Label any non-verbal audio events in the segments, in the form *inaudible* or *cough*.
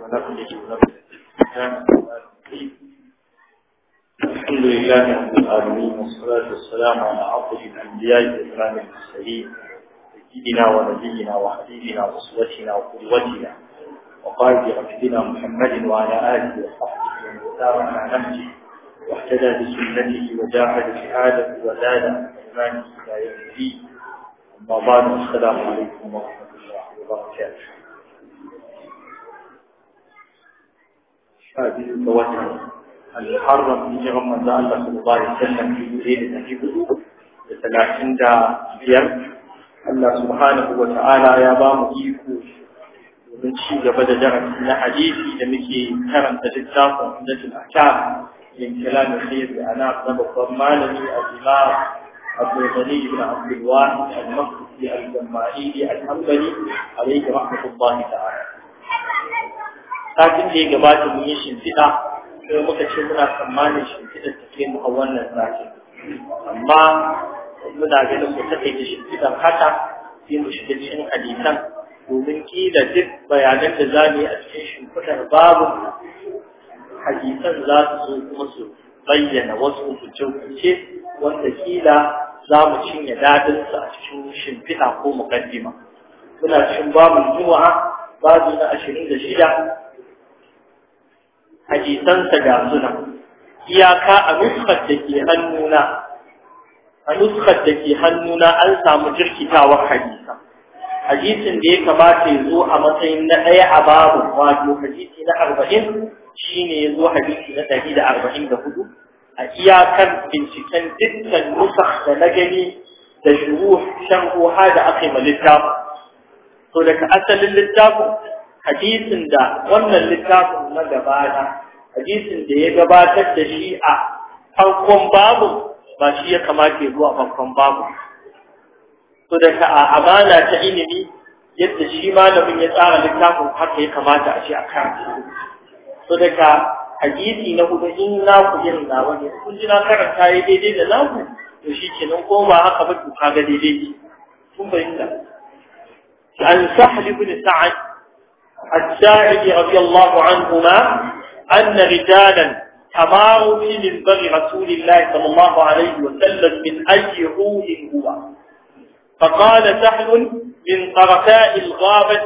ونفسه ونفسه الحمد لله رب العالمين والصلاة والسلام على أفضل الأنبياء والإمام المرسلين سيدنا ونبينا وحبيبنا وأسوتنا وقدوتنا وقائد عبدنا محمد وعلى آله وصحبه ومن سار على نهجه واهتدى بسنته وجاهد شهادته وزاد إيمانه إلى يوم الدين أما بعد السلام عليكم ورحمة الله وبركاته biyu ga watan al-harram ni jiran manzo Allah sallallahu alaihi wasallam ne da nabi da talatin da biyar Allah subhanahu wa ta'ala ya ba mu iko domin ci gaba da darasi na hadisi da muke karanta littafin Umdatul Ahkam min kalam Khair ana babban malami al-Imam أبو غني بن عبد الواحد المقدسي الجماعي الحنبلي عليه رحمة الله تعالى satin da ya gabata mun yi shimfiɗa sai muka ce muna tsammanin shimfiɗa ta kai mu a wannan satin amma muna ganin mu taƙaita shimfiɗa haka sai mu shiga cikin hadisan domin kila duk bayanan da za mu yi a cikin shimfiɗar babu hadisan za su zo kuma su bayyana wasu hukunce-hukunce wanda kila za mu cinye su a cikin shimfiɗa ko mukaddima. Muna cikin babu juma'a babu na ashirin da shida hadisansa ga suna iyaka a nuskar da ke hannuna a nuskar da ke hannuna an samu jirkitawar hadisa hadisin da ya kamata ya zo a matsayin na ɗaya a babu wato hadisi na arba'in shine ya zo hadisi na ɗari da arba'in da hudu a iyakar binciken dukkan nusar da na gani da shuru shan da aka yi ma littafin to daga asalin littafin hadisin da wannan littafin na gabata hadisin da ya gabatar da shi a farkon babu ba shi ya kamata ya zuwa farkon babu to da ka amana ta ilimi yadda shi malamin ya tsara littafin haka ya kamata a ce a kan to da ka hadisi na hudu in na ku yin nawa ne kun ji na karanta ya daidai da naku to shi kenan ko ba haka ba ka ga daidai kun bayyana an sahli bin sa'ad الساعد رضي الله عنهما أن رجالا حماروا في منبر رسول الله صلى الله عليه وسلم من أي روح هو فقال سهل من طرفاء الغابة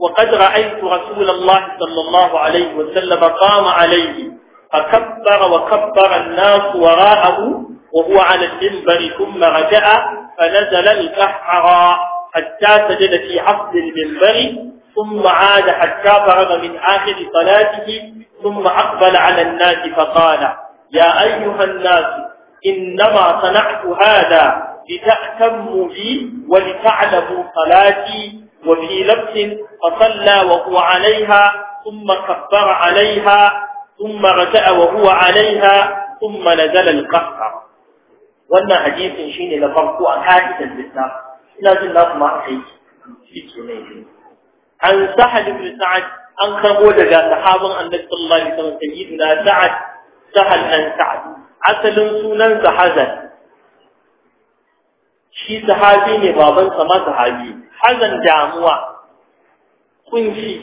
وقد رأيت رسول الله صلى الله عليه وسلم قام عليه فكبر وكبر الناس وراءه وهو على المنبر ثم رجع فنزل الكحراء حتى سجد في عقد المنبر ثم عاد حتى فرغ من آخر صلاته ثم أقبل على الناس فقال يا أيها الناس إنما صنعت هذا لتأتموا بي ولتعلموا صلاتي وفي لبس فصلى وهو عليها ثم كبر عليها ثم رجع وهو عليها ثم نزل القهر wannan hadisin shine na farko a kafin littafin ina jin na kuma aka yi shi ke mai an sahal ibn sa'ad an kamo daga sahaban annabi sallallahu alaihi wasallam sayyidina sa'ad sahal an sa'ad asalin sunan sa hazan shi sahabi ne baban sa ma sahabi hazan damuwa kunci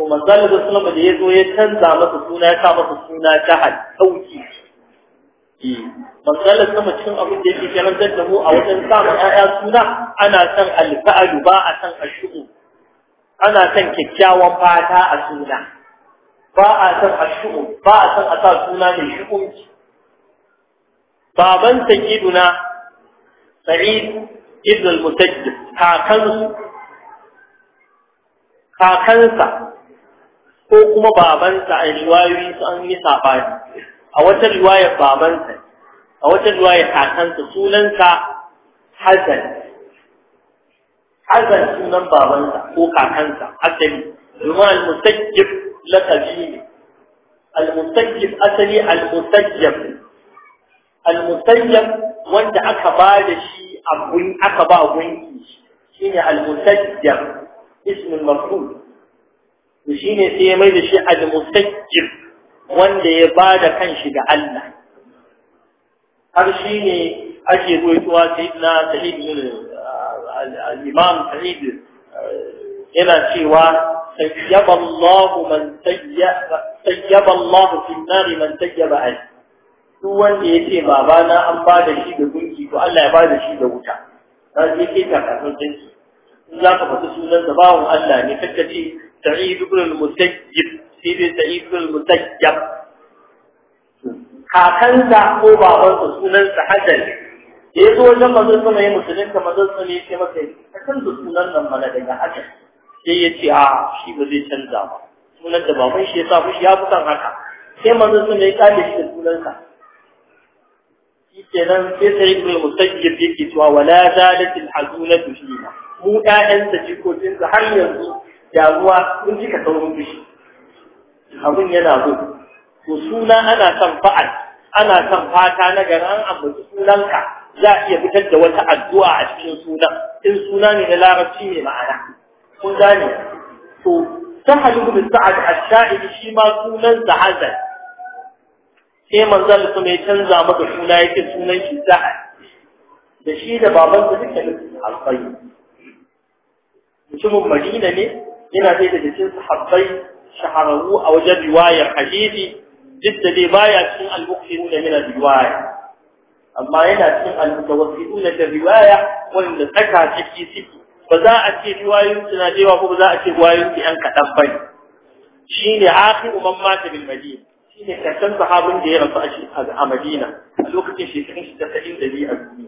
kuma manzo sallallahu alaihi wasallam da yazo ya canza masa suna ya sa masa suna sahal sauki Eh, manzalar sama cikin abin da yake karantar da mu a wajen samun ‘ya'ya suna ana son alfa'alu ba a son ashu'u, ana son kyakkyawan fata a suna, ba a son ashu'u, ba a son a sa suna mai shi'unci. Baban Sayyiduna Sa'id Ibn al-Musajjid, kakansu, kakansa ko kuma babansa a su an yi saɓani. a wata riwayar babansa a wata riwayar kakansa sunansa Hassan Hassan sunan babansa ko kakansa asali domin al-mustajib laqabi ne al-mustajib asali al-mustajib al-mustajib wanda aka ba da shi abun aka ba gunki shi ne al-mustajib ismul shi ne sai mai da shi al-mustajib wanda ya ba da kanshi ga Allah har shi ne ake ruwaituwa sayyidina sa'id ah, al-imam sa'id eh, yana cewa سيب الله من سيب سيب الله في النار من سيب أهل duk wanda ya ce na, an ba da shi da gunki to Allah ya ba da shi da wuta dan sai ke ta kasan tanki in za ka faɗi sunan da bawon Allah ne kaka ce Sa'id ibn al-Musayyib shi ne Sa'id bin Musayyab kakansa ko babansa sunansa Hajar da ya zo wajen mazan sama ya musulunta mazan suna ya kai masa ka canza sunan nan mana daga Hajar sai ya ce a ah, shi ba zai canza ba sunan da baban shi ya sa shi ya fi son haka sai mazan suna ya kaɗe shi da sunansa shi nan sai sai bin mutajjab yake cewa wala zalatil hazunatu fina mu ƴaƴansa jikokinsa har yanzu damuwa sun jika saurin fushi abin yana zo to suna ana son fa'al ana son fata na gari abu ambaci sunanka za a iya fitar da wata addu'a a cikin sunan in suna ne na larabci mai ma'ana kun gane to sahal ibn sa'ad al shaib shi ma sunan sa hazan sai manzal su mai canza maka suna yake sunan shi sa'ad da shi da baban su duka al-qayyim mutumin Madina ne yana da cikin sahabbai shahararru a wajen riwayar hadisi duk da dai baya cikin al da min riwaya amma yana cikin al-mutawassiqun da riwaya wanda tsaka ciki ciki ba za a ce riwayoyin suna da yawa ko ba za a ce riwayoyin su yan kaɗan ba shine akhiru man mata bil madina shine karshen sahabin da ya rasu a Madina a lokacin shekarun shi ta sa'in da biyu a duniya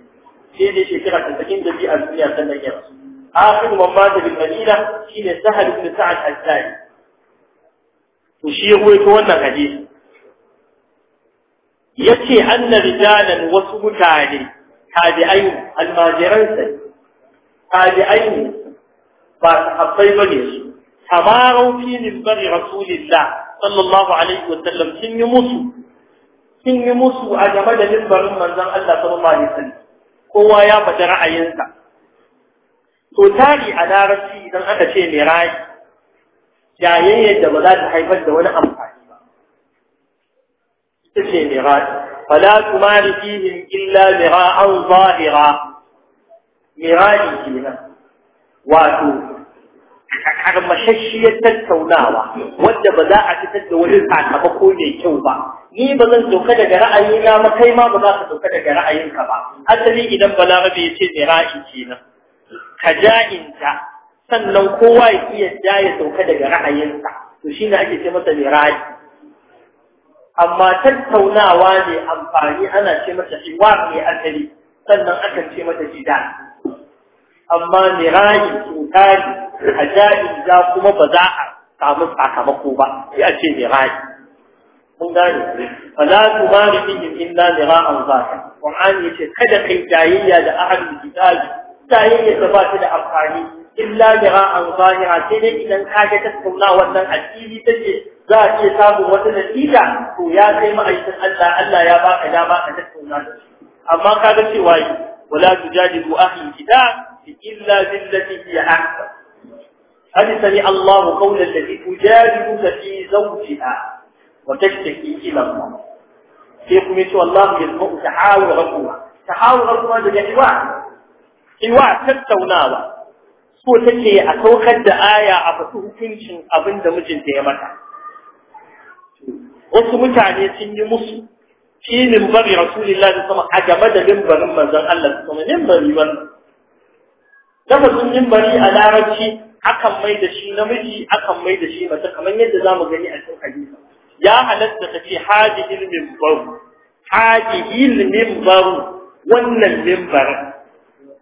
sai dai shekara ta sa'in da biyu a duniya sannan ya rasu akhiru man mata bil madina shine sahal ibn sa'ad al-thani to shi ya ruwaito wannan hadisi yace anna rijalan wasu mutane tabi'ai almajiran sai tabi'ai ba sahabbai bane su tabarau fi minbari rasulillah sallallahu alaihi wa sallam sun yi musu sun yi musu a game da minbarin manzon Allah sallallahu alaihi wasallam kowa ya faɗi ra'ayinsa to tari a larabci idan aka ce miraji jayayyar da ba za ta haifar da wani amfani ba ita ce mirat fala tumari fihim illa an zahira mirari kenan wato karmashashshiyar tattaunawa wadda ba za a fitar da wani sakamako mai kyau ba ni ba zan sauka daga ra'ayina ma kai ma ba za ka sauka daga ra'ayinka ba asali idan balarabe ya ce mai ra'ayi kenan ka ja'inta sannan kowa ya iya ja ya sauka daga ra'ayinsa to shi ne ake ce masa ra'ayi amma tattaunawa ne amfani ana ce masa iwa mai asali sannan akan ce mata jida amma mirayi tsotari a ja'in za kuma ba za a samu sakamako ba sai a ce ra'ayi mun gane fa la tumari bihim illa mira'an zaka qur'ani yace kada kai jayayya da ahlul kitabi jayayya ta ba ta da amfani illa an zahira sai dai idan ka ga tattauna wannan addini take za a iya samun wata natija to ya kai ma'aikin Allah Allah ya baka dama ka tattauna da shi amma ka ga cewa yi wala tujadidu ahli kitab illa billati hi ahsan hadi sami Allah qawla allati tujadiduka fi zawjiha wa tashtaki ila Allah sai kuma ce wallahu yasma'u tahawurakuma tahawurakuma da jawa iwa tattaunawa ko take a saukar da aya a fasu hukuncin abin da mijinta ya mata wasu mutane sun yi musu filin bari rasulillah da sama a game da limbarin manzon Allah da sama limbari wannan sun limbari a larabci akan mai da shi namiji akan mai da shi mata kamar yadda za mu gani a cikin hadisi ya halatta ta ce hadihil mimbaru hadihil mimbaru wannan limbarin.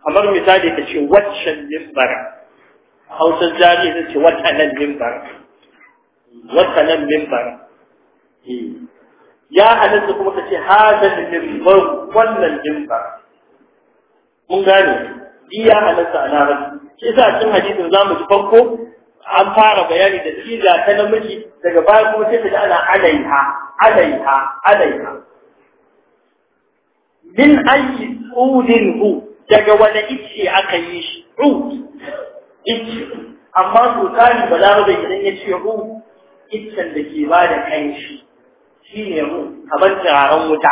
kamar misali ta ce waccan mimbar hausar jari ta ce waccanan mimbar waccanan mimbar ya halitta kuma ta ce hadal mimbar wannan mimbar mun gane ya halitta a larabci shi sa cin hadisin za mu ji farko an fara bayani da siga ta namiji daga baya kuma sai ta ana alaiha alaiha alaiha min ayi tsudin hu daga wani ice aka yi shi rut ice amma su za mu da idan ya ce rut iccen da ke ba da kanshi shi ne rut kamar turaren wuta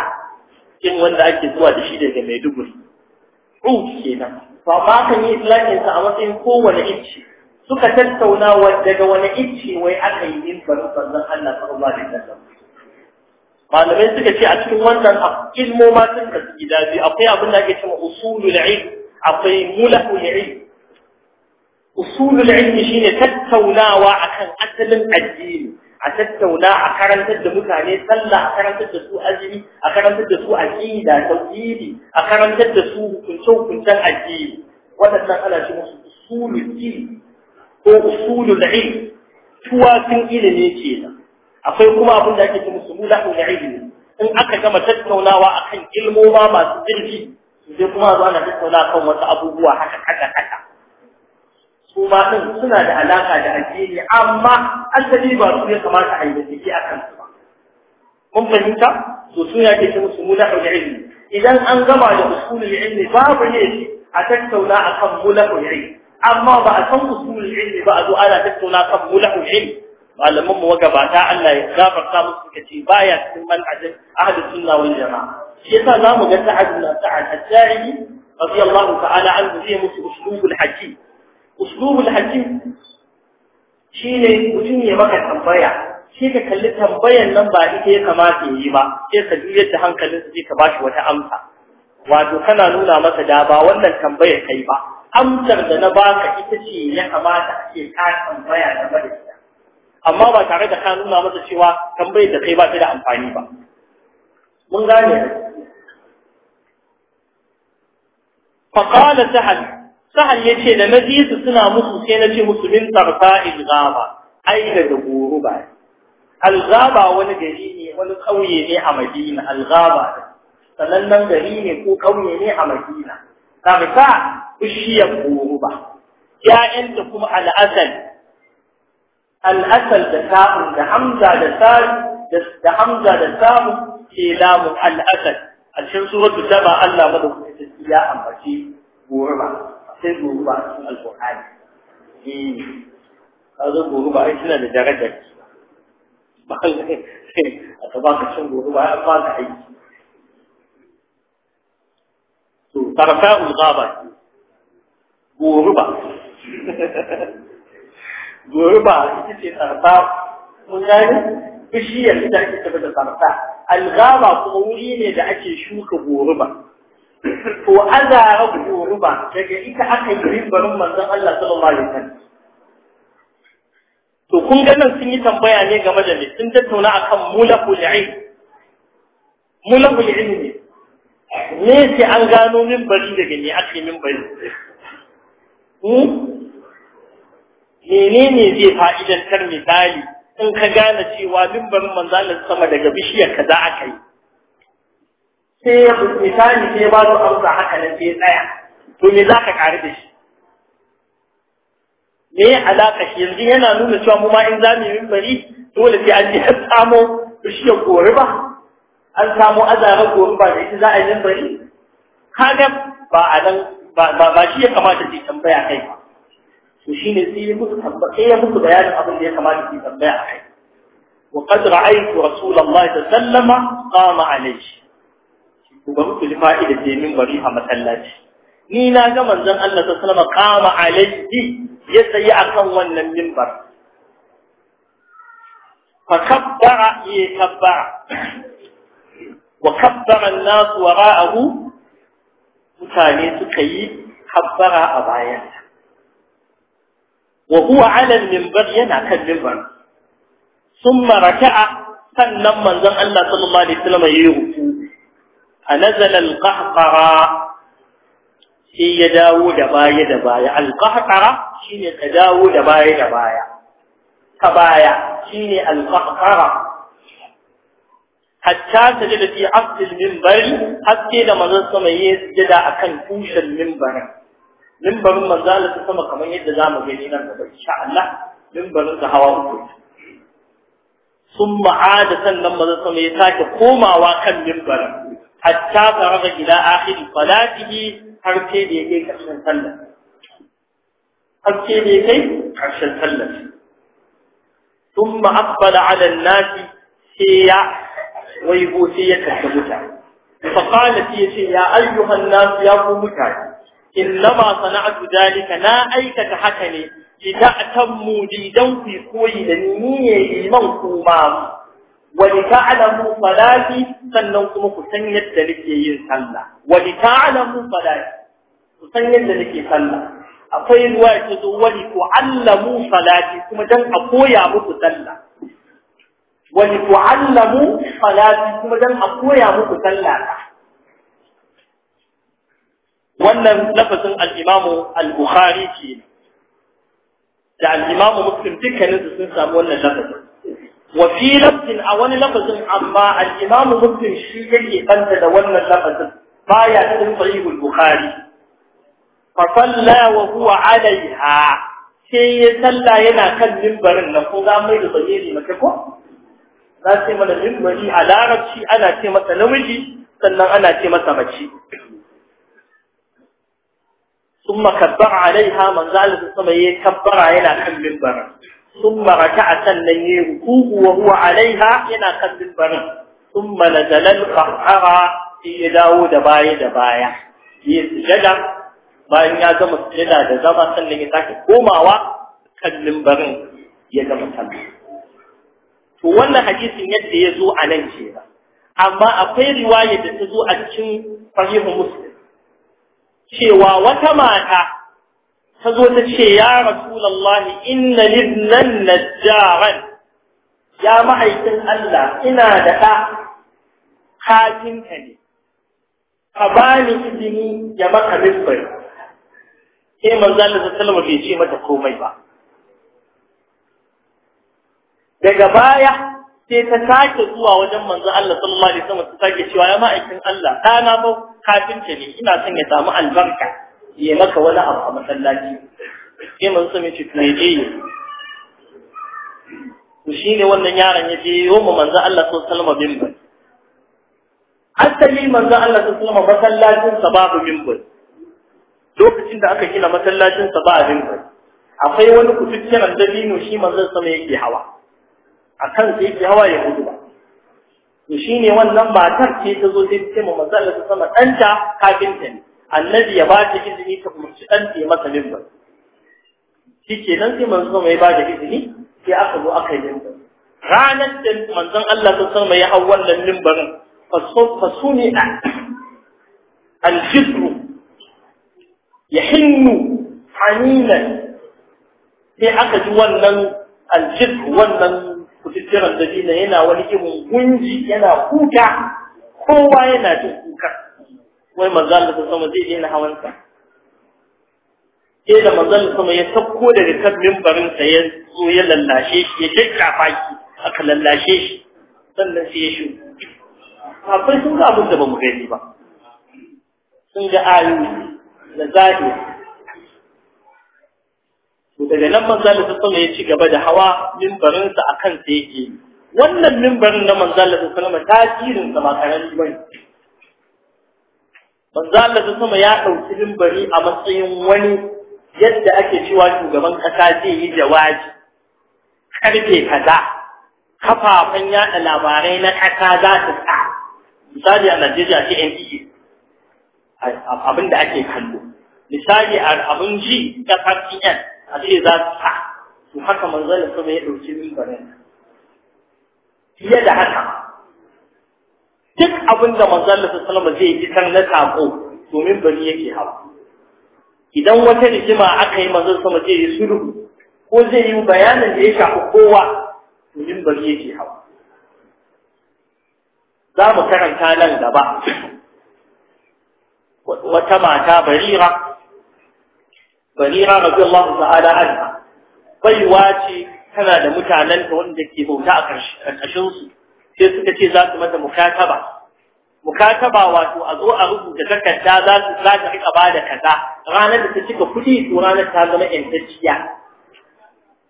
in wanda ake zuwa da shi daga maiduguri ke kenan to amma kan yi islaminsa a matsayin kowane ice suka tattauna daga wani ice wai aka yi in sannan Allah sallallahu alaihi wasallam malamai suka ce a cikin wannan ilmoma sun kasu gida akwai abin da ake cewa usulul ilm akwai mulahul ilm usulul ilm shine tattaunawa akan asalin addini a tattauna a karantar da mutane sallah a karantar da su azumi a karantar da su aqida tauhidi a karantar da su hukunce hukuncen addini waɗannan ana ce musu usulul ilm ko usulul ilm tuwakin ilimi kenan akwai kuma abin da ake cewa sumulahu ilmi in aka gama tattaunawa akan ilmoma masu zurfi sai kuma zo ana tattauna kan wasu abubuwa haka haka haka su ma din suna da alaƙa da addini amma asali ba su ya kamata a yi da jiki a kansu ba Mun fahimta to su ya ke cewa sumulahu ilmi idan an gama da usulul ilmi babu ne a tattauna akan mulahul ilmi amma ba a san usulul ilmi ba a zo ana tattauna kan mulahul ilmi malaman mu magabata Allah ya gafarta musu suka ce baya cikin manhajin ahli sunna wal jamaa shi yasa zamu ga sa'ad bin sa'ad al-jari radiyallahu ta'ala an zai musu uslubul haji. uslubul hakim shine mutum ya maka tambaya shi ka kalli tambayan nan ba ita ya kamata yi ba sai ka juyar da hankalin sai ka bashi wata amsa wato kana nuna masa da ba wannan tambayar kai ba amsar da na baka ita ce ya kamata a ka tambaya game da amma ba tare da ka nuna masa cewa tambayar da kai ba ta da amfani ba mun gane faqala sahal sahal yace da naji suna musu sai ce musu min tarfa'il ghaba ai da guru ba al wani gari ne wani kauye ne a Madina al-ghaba sanannen gari ne ko kauye ne a Madina Na fushi kushiyar guru ba ya'yanta kuma al al'asal da sa'un da hamza da sa'un da hamza da sa'un ke lamun al'asal a cikin suratul taba Allah madaukakin ya ambaci gurba sai goruba, a cikin alqur'ani eh kazo gurba ai tana da darajar ba a ka baka cin gurba an ba ka aiki to tarfa'ul ghaba goruba. gobe ba ita ce tsarfa mun gani bishiyar ita ake tafi da tsarfa algaba kuma wuri ne da ake shuka goruba to azara goruba daga ita aka yi rimbarin manzon Allah sallallahu alaihi wasallam to kun ga nan sun yi tambaya ne game da me sun tattauna akan mulakul ilm mulakul ilm ne ne sai an gano mimbari daga ne ake mimbari hmm? menene zai fa'idantar misali in ka gane cewa mimbarin manzalar sama daga bishiyar ka za a kai sai ya misali sai ba su amsa haka nan sai tsaya to me za ka ƙari da shi me alaƙa shi yanzu yana nuna cewa mu ma in za mu yi mimbari dole sai an je samo bishiyar gori ba an samo azarar gori ba da ita za a yi mimbari kaga ba a nan ba shi ya kamata zai tambaya kai ba to ne sai ya musu tabbata ya musu bayanin abin da ya kamata ki tambaya a kai wa qad ra'aytu rasulullahi sallama qama alayhi to ba muku li fa'ida ce min bari a masallaci ni na ga manzon Allah sallama qama alayhi ya tsayi akan wannan minbar fa kabbara ya kabbara wa kabbara an-nas wara'ahu mutane suka yi kabbara a bayansa وهو على المنبر ينعكد المنبر ثم ركع فنما انزل الله صلى الله عليه وسلم يغفو فنزل القحقرة هي داود باية باية القحقرة هي داود باية باية كباية هي القحقرة حتى سجد في عبد المنبر حتى لما انزل صلى الله عليه وسلم يسجد أكن فوش المنبر mimbarin manzala ta sama kamar yadda za mu gani nan gaba insha Allah mimbarin da hawa uku sun ma'ada sannan maza sama ya sake komawa kan mimbarin hatta faraga ila akhiri salatihi har sai da ya yake karshen sallah har sai da yake karshen sallah ثم أقبل على الناس سيا ويبوسية الكبتة فقال ya يا أيها الناس يا قومتان innama sana'atu dalika na aikata haka ne idan tammu didan kuyi koyi da ni ne liman kuma wa li ta'lamu salati sannan kuma ku san yadda nake yin sallah wa li ta'lamu salati ku san yadda nake sallah akwai ruwa ta zo kuma dan a koya muku sallah wa kuma dan a koya muku sallah wannan lafazin al'imamu imamu al-bukhari ke da al'imamu imamu muslim dukkanin su sun samu wannan lafazin Wafi fi a wani lafazin amma al'imamu imamu muslim shi yake banta da wannan lafazin baya cikin sahihul bukhari fa wa huwa alaiha sai ya salla yana kan mimbarin nan ko za mai da bayyani maka ko za sai mana mimbari a larabci ana ce masa namiji sannan ana ce masa mace ثم كبر عليها من ذلك ثم يكبر على كم منبر ثم ركع سنن يركوه وهو عليها إلى كم منبر ثم نزل القهقرة في داود باي دبايا يسجد bayan ya gama sujada da zama sannan ya sake komawa kan mimbarin ya gama sallah to wannan hadisin yadda ya zo a nan ce amma akwai riwaya da ta zo a cikin sahihu muslim cewa wata mata ta zo ta ce ya rasulallahi inna libnan najjaran ya ma'aikin Allah ina da ɗa kafinka ne ka bani izini ya maka misbari sai manzo zata sallallahu bai ce mata komai ba daga baya sai ta sake zuwa wajen manzo Allah sallallahu alaihi wasallam ta sake cewa ya ma'aikin Allah ɗana ba kafinta ne ina son ya samu albarka ya maka wani abu a masallaci sai mun sami ci ne je to shi ne wannan yaron ya je yau mu manzo Allah sallallahu alaihi wasallam minbar asali manzo Allah sallallahu alaihi wasallam masallacin sa babu minbar lokacin da aka gina masallacin sa ba minbar akwai wani kututtunan dabino shi manzo sama yake hawa akan sai yake hawa ya gudu ba to shine wannan matar ce ta zo sai ta mu manzo Allah sama ɗanta kafinta ne annabi ya ba ta izini ta umarci dan ta masa limbar ke nan sai manzo mai ba da izini sai aka zo aka yi limbar ranar da manzon Allah ta sama ya hau wannan limbarin fasuni al ya hinnu haninan sai aka ji wannan al-jisr wannan da dina yana wani irin gunji yana kuka kowa yana jin kuka wai manzan da sama zai daina hawansa sai da manzan da sama ya sauko daga kan mimbarinsa ya zo ya lallashe shi ya shakkafa faki aka lallashe shi sannan sai ya shi akwai sun ga abin da ba mu gani ba sun ga ayu da zahiri daga nan manzo Allah sallallahu ya ci gaba da hawa mimbarin sa akan sa yake wannan mimbarin na manzo Allah sallallahu alaihi tasirin sa makaran bane manzo Allah sallallahu ya dauki mimbari a matsayin wani yadda ake cewa shugaban kasa zai yi jawabi karfe kaza kafafen yada labarai na kasa za su sa misali a Najeriya ce NDA abin da ake kallo misali a abin ji ta PN a ce za su sa to haka manzalin sama ya ɗauki mimbarin fiye da haka duk abin da manzalin sallama zai fitar na sako to mimbari yake hawa idan wata rigima aka yi manzon sama zai yi sulhu ko zai yi bayanin da ya shafi kowa to mimbari yake hawa za mu karanta nan gaba wata mata barira barira radiyallahu ta'ala anha baiwa ce tana da mutanen ta wanda ke bauta a ƙarƙashin su sai suka ce za su mata mukataba mukataba wato a zo a rubuta takarda za su za ta rika ba da kaza ranar da ta cika kuɗi to ranar ta zama ƴantacciya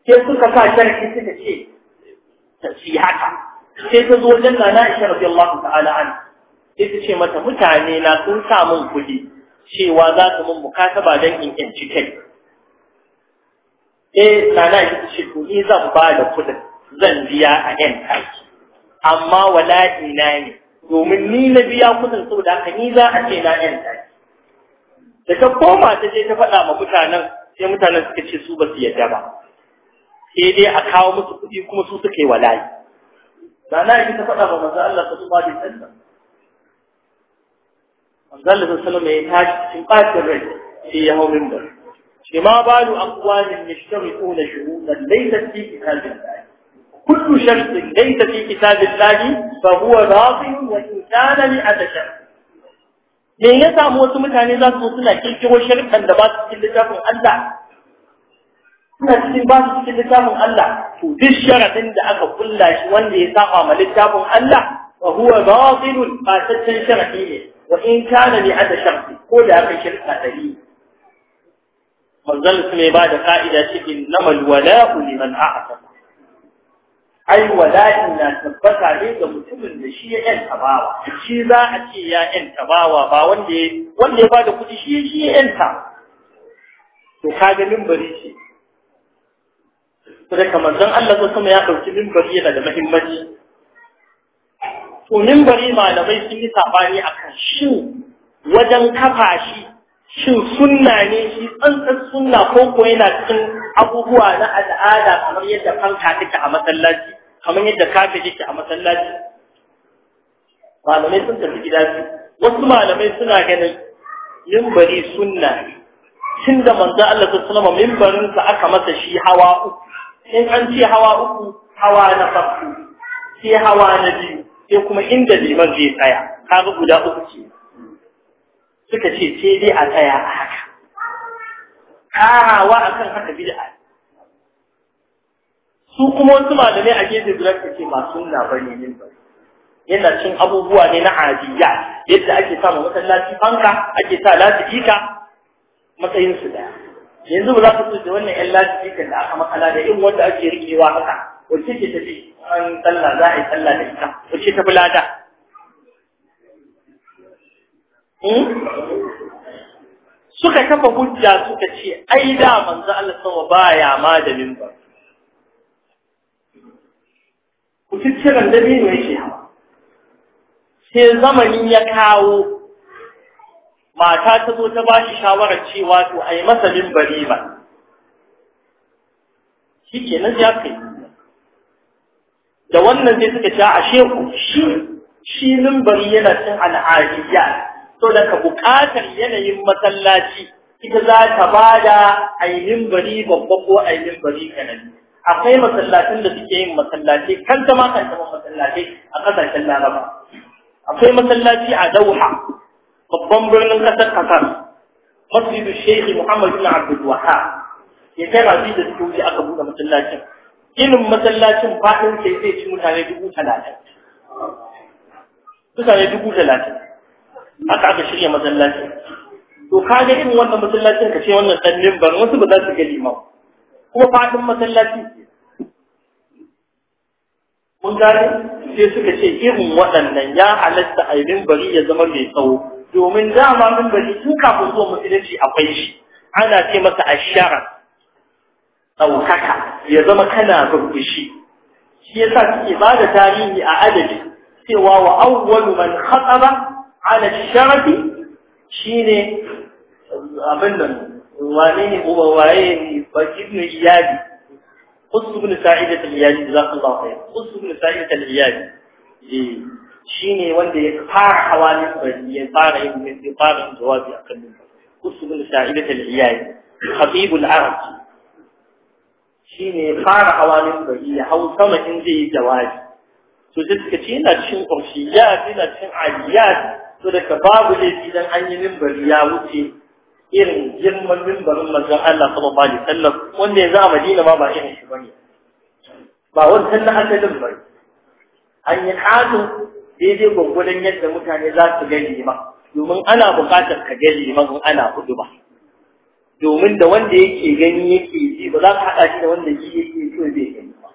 sai suka sa sharhi suka ce ta ci haka sai ta zo wajen Nana Aisha radiyallahu ta'ala anha sai ta ce mata mutane na sun sa min kuɗi cewa za ta mun mukataba don in yanci kai eh nana ita ce to ni zan ba da kudin zan biya a yan kaki. amma wala ina ne domin ni na biya kudin saboda haka ni za a ce na yan taki da ka koma ta je ta faɗa ma mutanen sai mutanen suka ce su ba su yadda ba sai dai a kawo musu kuɗi kuma su suka yi walayi nana yi ta faɗa ma manzo Allah sallallahu alaihi wasallam manzalin salama ya tashi cikin ɓacin rai sai ya hau mimbar shi ma balu aqwamin yashtariquna shurutan laysa fi kitabillah kullu shartin laysa fi kitabillah fa huwa batil wa in kana li atashar me ya samu wasu mutane za su suna kirkiro sharɗan da ba su cikin littafin Allah suna cikin ba su cikin littafin Allah to duk sharaɗin da aka kulla shi wanda ya saba ma littafin Allah fa huwa batilun fataccen sharaɗi ne wa tana kana ni ada sharti ko da aka shirka dari manzon su bada ka'ida ce innamal wala'u liman a'ata ai wala'in na tabbata ne ga mutumin da shi ya yan tabawa shi za a ce ya ba wanda ya bada kuɗi shi shi ta to kaga mimbari ce saboda kamar dan Allah sama ya dauki mimbari yana da mahimmanci. to mimbari malamai sun yi sabani kan shin wajen kafa shi shin sunna ne shi tsantsan sunna ko ko yana cikin abubuwa na al'ada kamar yadda fanka take a masallaci kamar yadda kafe take a masallaci malamai sun tafi gida su wasu malamai suna ganin mimbari sunna ne tun da manzo Allah ta sallama mimbarin sa aka masa shi hawa uku in an ce hawa uku hawa na farko sai hawa na biyu sai kuma inda liman zai tsaya kaga guda uku ce suka ce sai dai a tsaya a haka karawa akan haka bid'a su kuma wasu malamai a gefe guda suka ce masu nuna bane ne ba yana cin abubuwa ne na adiyya yadda ake sa masallaci fanka ake sa latifika matsayin su daya yanzu ba za ka so wannan yan latifikan da aka makala da irin wanda ake rikewa haka wacce ke tafi an sallah za a yi sallah da ita ce ta hmm? suka kafa hujja suka ce ai da manzo Allah ba ya ma da minbar ku ciccire da ne yake hawa sai zamanin ya kawo mata ta zo ta bashi shawarar cewa to ai masa minbari ba nan ya kai da wannan sai suka ce a sheku shi shi mimbari yana cin al'adiyya to da ka buƙatar yanayin masallaci ita za ta ba da ainihin bari babba ko ainihin bari kanani akwai masallacin da suke yin masallaci kan ta ma kan ta masallaci a ƙasashen laraba akwai masallaci a dauha babban birnin ƙasar ƙasar masjidu shehi muhammad bin abdul wahab ya kai rabi da suke wuce aka buɗe masallacin ilin masallacin faɗin sai zai ci mutane dubu talatin mutane dubu talatin aka aka shirya masallacin to ka ga irin wannan masallacin ka ce wannan ɗan mimbar wasu ba za su ga liman kuma faɗin masallaci mun gane sai suka ce irin waɗannan ya halatta a bari ya zama mai tsawo domin dama bari tun kafin zuwa musulunci akwai shi ana ce masa shara. ɗaukaka ya zama kana burbushi shi yasa suke ba da tarihi a adadi cewa wa awwalu man khataba ala sharafi shine abin nan wane ne uba waye ne ibn ibn iyadi jazakallahu khair qutb ibn sa'idat al-iyadi eh, shine wanda ya fara hawali ya fara yin ya fara jawabi akan qutb ibn sa'idat al-iyadi habibul arab shi ya fara hawa min bari ya hau sama in zai yi jawabi to sai suka ce yana cin fi yana cin aliyat to daga babu laifi dan an yi mimbari ya wuce irin girman mimbarin mazan Allah ba alaihi wasallam wanda za a Madina ma ba irin shi ne ba wancan na asalin bane an yi hadu daidai gwangwadon yadda mutane za su gani ma domin ana buƙatar ka gani ma ana hudu ba domin da wanda yake gani yake ji ba za ka haɗa shi da wanda ji yake so zai gani ba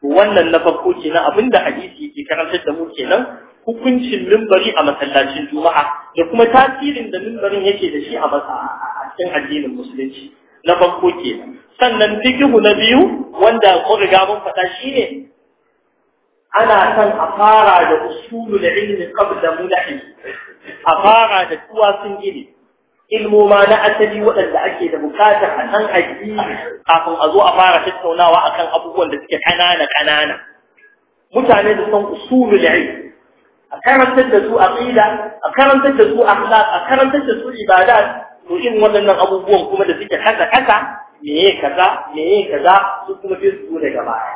to wannan na farko abin abinda hadisi yake karantar da mu kenan hukuncin mimbari a masallacin juma'a da kuma tasirin da mimbarin yake da shi a a cikin addinin musulunci na farko ke. sannan fikihu na biyu wanda ko riga mun faɗa ne? ana son a fara da usulul ilmi qabla mulahi a fara da tuwasun ilmi ma na asali waɗanda ake da bukatar a san addini kafin a zo a fara tattaunawa akan abubuwan da suke ƙanana ƙanana mutane da san usulul ilmi a karantar da su aqida a karantar da su akhlaq a karantar da su ibadat to in waɗannan abubuwan kuma da suke kasa kasa meye kaza meye kaza su kuma sai su zo daga baya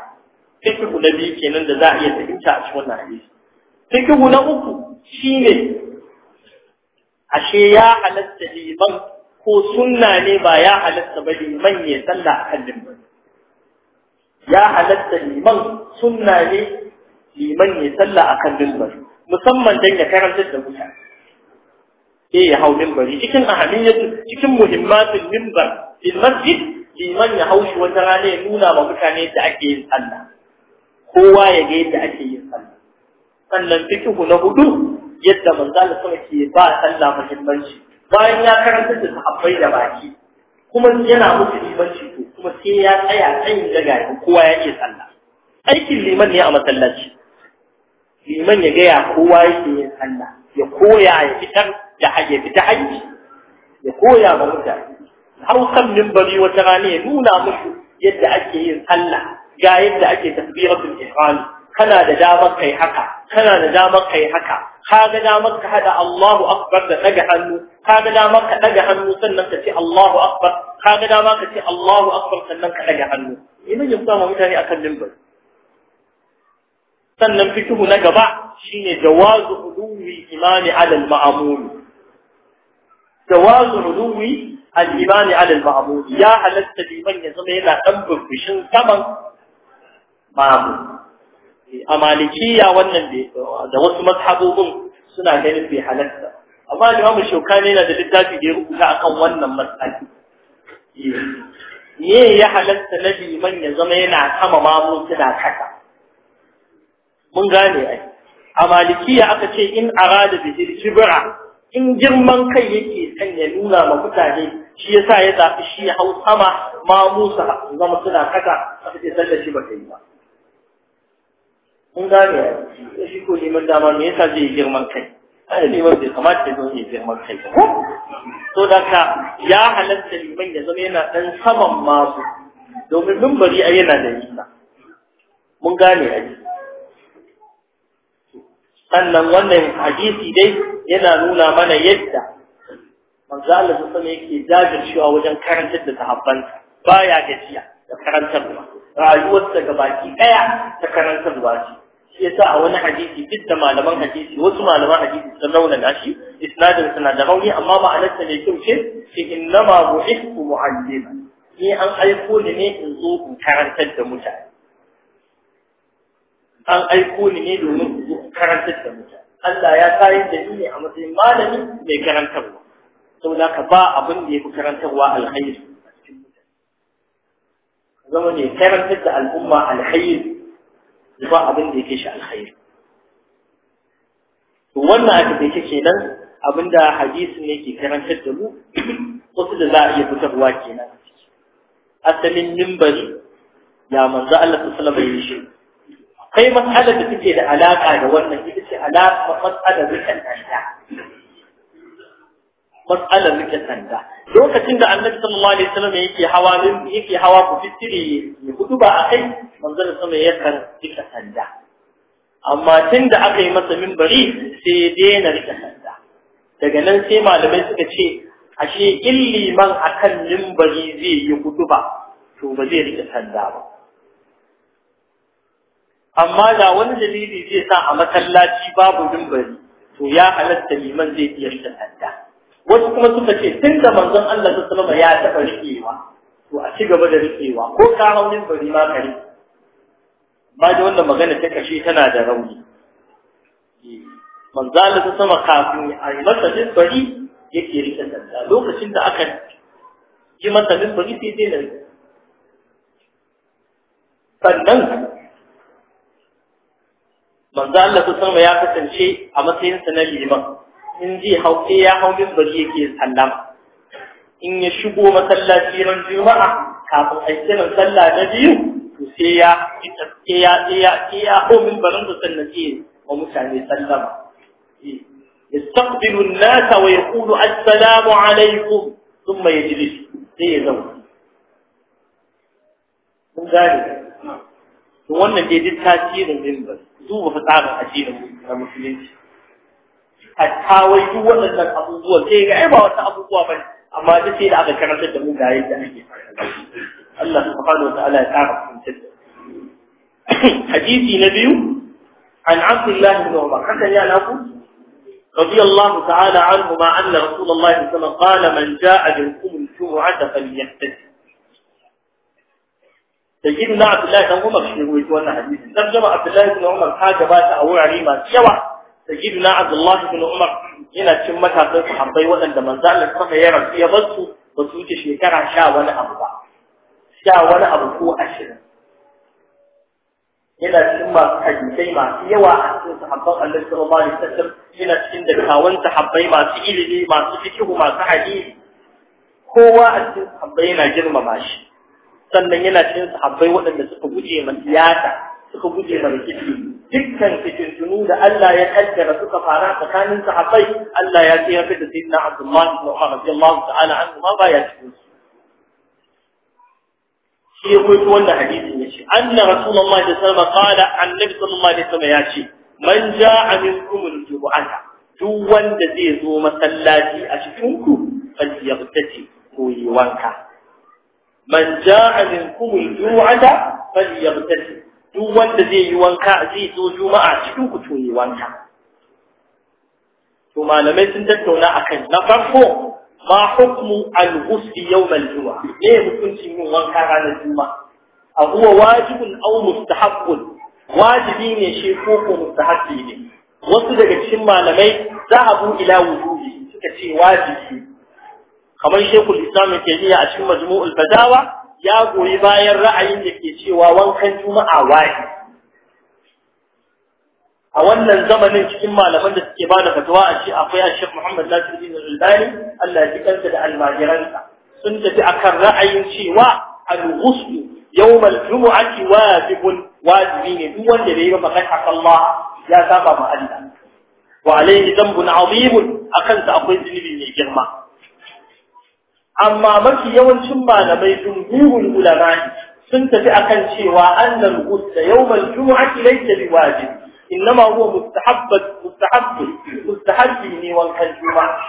fiqhu da biyu kenan da za a iya fahimta a cikin wannan hadisi fiqhu na uku shine ashe ya halatta liman ko sunna ne ba ya halatta ba liman ya sallah a kan liman ya halatta liman sunna ne liman ya sallah a kan liman musamman dan ya karantar da mutane sai ya hau mimbari cikin ahamiyyatu cikin muhimmatin mimbar fil masjid liman ya haushi wata rana ya nuna ma mutane da ake yin sallah kowa ya ga yadda ake yin sallah sannan fikihu na hudu yadda manzala sama ke ba sallah muhimmanci bayan ya karanta da sahabbai da baki kuma yana musu limanci to kuma sai ya tsaya tsayin gagaye kowa ya iya sallah aikin liman ne a masallaci liman ya gaya kowa yake yin sallah ya koya ya fitar da ya fita haji ya koya ma mutane har kan mimbari wata rana ya nuna musu yadda ake yin sallah ga yadda ake tasbiratul ihram kana da damar kai haka kana da damar kai haka ka ga damar ka hada Allahu akbar da daga hannu ka ga damar ka daga hannu sannan ka ce Allahu akbar ka ga damar ka ce Allahu akbar sannan ka daga hannu ina yin sama mutane akan limbar sannan fituhu na gaba shine jawazu huduwi imani ala al-ma'mum jawazu huduwi al-imani ala al-ma'mum ya halatta liman ya zama yana dan burbushin saman ma'mum a malikiya wannan da wasu mazhabobin suna ganin bai halatta amma Imam Shawkani yana da littafi da ya rubuta akan wannan matsala ne ya halatta na liman ya zama yana kama mamu suna kasa mun gane ai a malikiya aka ce in arada bi jibra in girman kai yake kan ya nuna ma mutane shi yasa ya zafi shi ya hau sama mamu su zama suna kasa aka ce sallar ba kai yi ba kun gane ya shi ko neman dama me yasa zai yi girman kai ai neman bai kamata ya zama ya girman kai ko so da ka ya halatta liman ya zama yana dan saman masu domin mimbari ai yana da nisa mun gane ai sannan wannan hadisi dai yana nuna mana yadda manzo Allah sun sani yake jajircewa wajen karantar da sahabbansa baya gajiya da karantarwa rayuwarsa ga baki ɗaya ta karantarwa ce shi yasa a wani hadisi duk da malaman hadisi wasu malaman hadisi sun rauna shi, isnadin suna da rauni amma ma'anarsa mai kyau ce shi innama bu'istu mu'allima ni an aiko ni ne in zo in karantar da mutane an aiko ni ne domin in zo in karantar da mutane Allah ya tayar da ni ne a matsayin malami mai karantarwa saboda ka ba abin da ya fi karantarwa alkhairi zama ne karantar da al'umma alkhairi ba abin da yake shi alkhairi to wannan aka da kenan abinda hadisin yake karantar da mu wasu da za a iya fitarwa kenan asalin nimbari ya manzo Allah sallallahu alaihi wasallam kai mas'alar da take da alaka da wannan ita ce alaka mas'alar da kanta matsalar riƙe sanda lokacin da annabi sallallahu alaihi wasallam yake hawa yake hawa ku fitiri ne kudu ba akai manzon sama kan rike sanda amma tun da aka yi masa minbari sai ya daina rike sanda daga nan sai malamai suka ce ashe illi man akan minbari zai yi kudu ba to ba zai rike sanda ba amma da wani dalili zai sa a masallaci babu minbari to ya halatta liman zai iya rike sanda wasu kuma suka ce tun da manzon Allah ta sallama ya taɓa riƙewa to a ci gaba da riƙewa ko ka hau bari ma ka riƙe ba da wannan magana ta kashe tana da rauni manzon Allah ta sama kafin a yi masa bari yake riƙe sanda lokacin da aka yi masa bari sai zai na sannan manzon Allah ta sama ya kasance a matsayinsa na liman in ji hauke eh, ya hau min minbari yake sallama in ya shigo masallaci ran juma'a kafin a kiran sallah na biyu to sai ya sai ya sai ya sai ya hau minbarin da sannan sai wa mutane sallama يستقبل الناس ويقول السلام عليكم ثم يجلس sai ya zauna mun gane to wannan dai duk tasirin din ba duba fa tsarin addinin musulunci hatta wai duk waɗannan abubuwan sai ga ba wata abubuwa bane amma duk sai da aka karanta da mu da yadda ake Allah subhanahu wa ta'ala ya tsara mutum hadisi na biyu an Abdullah ibn Umar haka ya lafu رضي الله تعالى عنهما أن رسول الله صلى الله عليه وسلم قال من جاء منكم الجمعة فليحتسب سيدنا عبد الله بن عمر شنو يقول هذا الحديث ترجمة عبد الله بن عمر حاجة بات أو عليمة yawa. sayyidina abdullahi ibn umar yana cin matasan sahabbai waɗanda manzo Allah saka ya rasu ya bar su ba su wuce shekara sha wani abu ba sha wani abu ko ashirin yana cikin masu hadisai masu yawa a cikin sahabban Allah sallallahu alaihi wasallam yana cikin dattawan sahabbai masu ilimi masu fikihu masu hadisi kowa a cikin sahabbai yana girmama shi sannan yana cikin sahabbai waɗanda suka guje ma siyasa suka guje ma rikici dukkan fitintunu da Allah ya kaddara suka fara tsakanin sahabbai Allah ya ce ya fi fita sayyidina Abdullah ibn Umar radiyallahu ta'ala anhu ma ba ya cikin su shi ya koyi wannan hadisin ya ce anna rasulullahi sallallahu alaihi wasallam qala annabi sallallahu alaihi wasallam ya ce man ja'a minkum al-jumu'ata duk wanda zai zo masallaci a cikin ku falyabtati ko yi wanka man ja'a minkum al-jumu'ata falyabtati duk wanda zai yi wanka zai zo juma'a cikin kutu ne wanka to malamai sun tattauna a akan na farko ma hukmu al yau yawm al-jum'a ne hukuncin yin wanka ranar juma'a a huwa wajibun aw mustahabbun wajibi ne shi ko ko mustahabbi ne wasu daga cikin malamai za a bu ila wujubi suka ce wajibi kamar shekul islam ke a cikin majmu'ul fadawa ya goyi bayan ra'ayin da ke cewa wankan juma'a waye a wannan zamanin cikin malaman da suke bada fatawa a ce akwai Sheikh Muhammad Nasir bin Al-Albani Allah ya kanta da almajiransa sun tafi akan ra'ayin cewa al-ghusl yawm al-jum'ati wajibun wajibi ne duk wanda bai yi ba kai Allah ya saba ma Allah wa alayhi dhanbun 'azim akan sa akwai zunubi mai girma amma mafi yawancin malamai jumhurul ulama sun tafi akan cewa annal ghusl yawmal jumu'ati laysa biwajib إنما هو مستحب مستحب مستحب ne wankan juma'a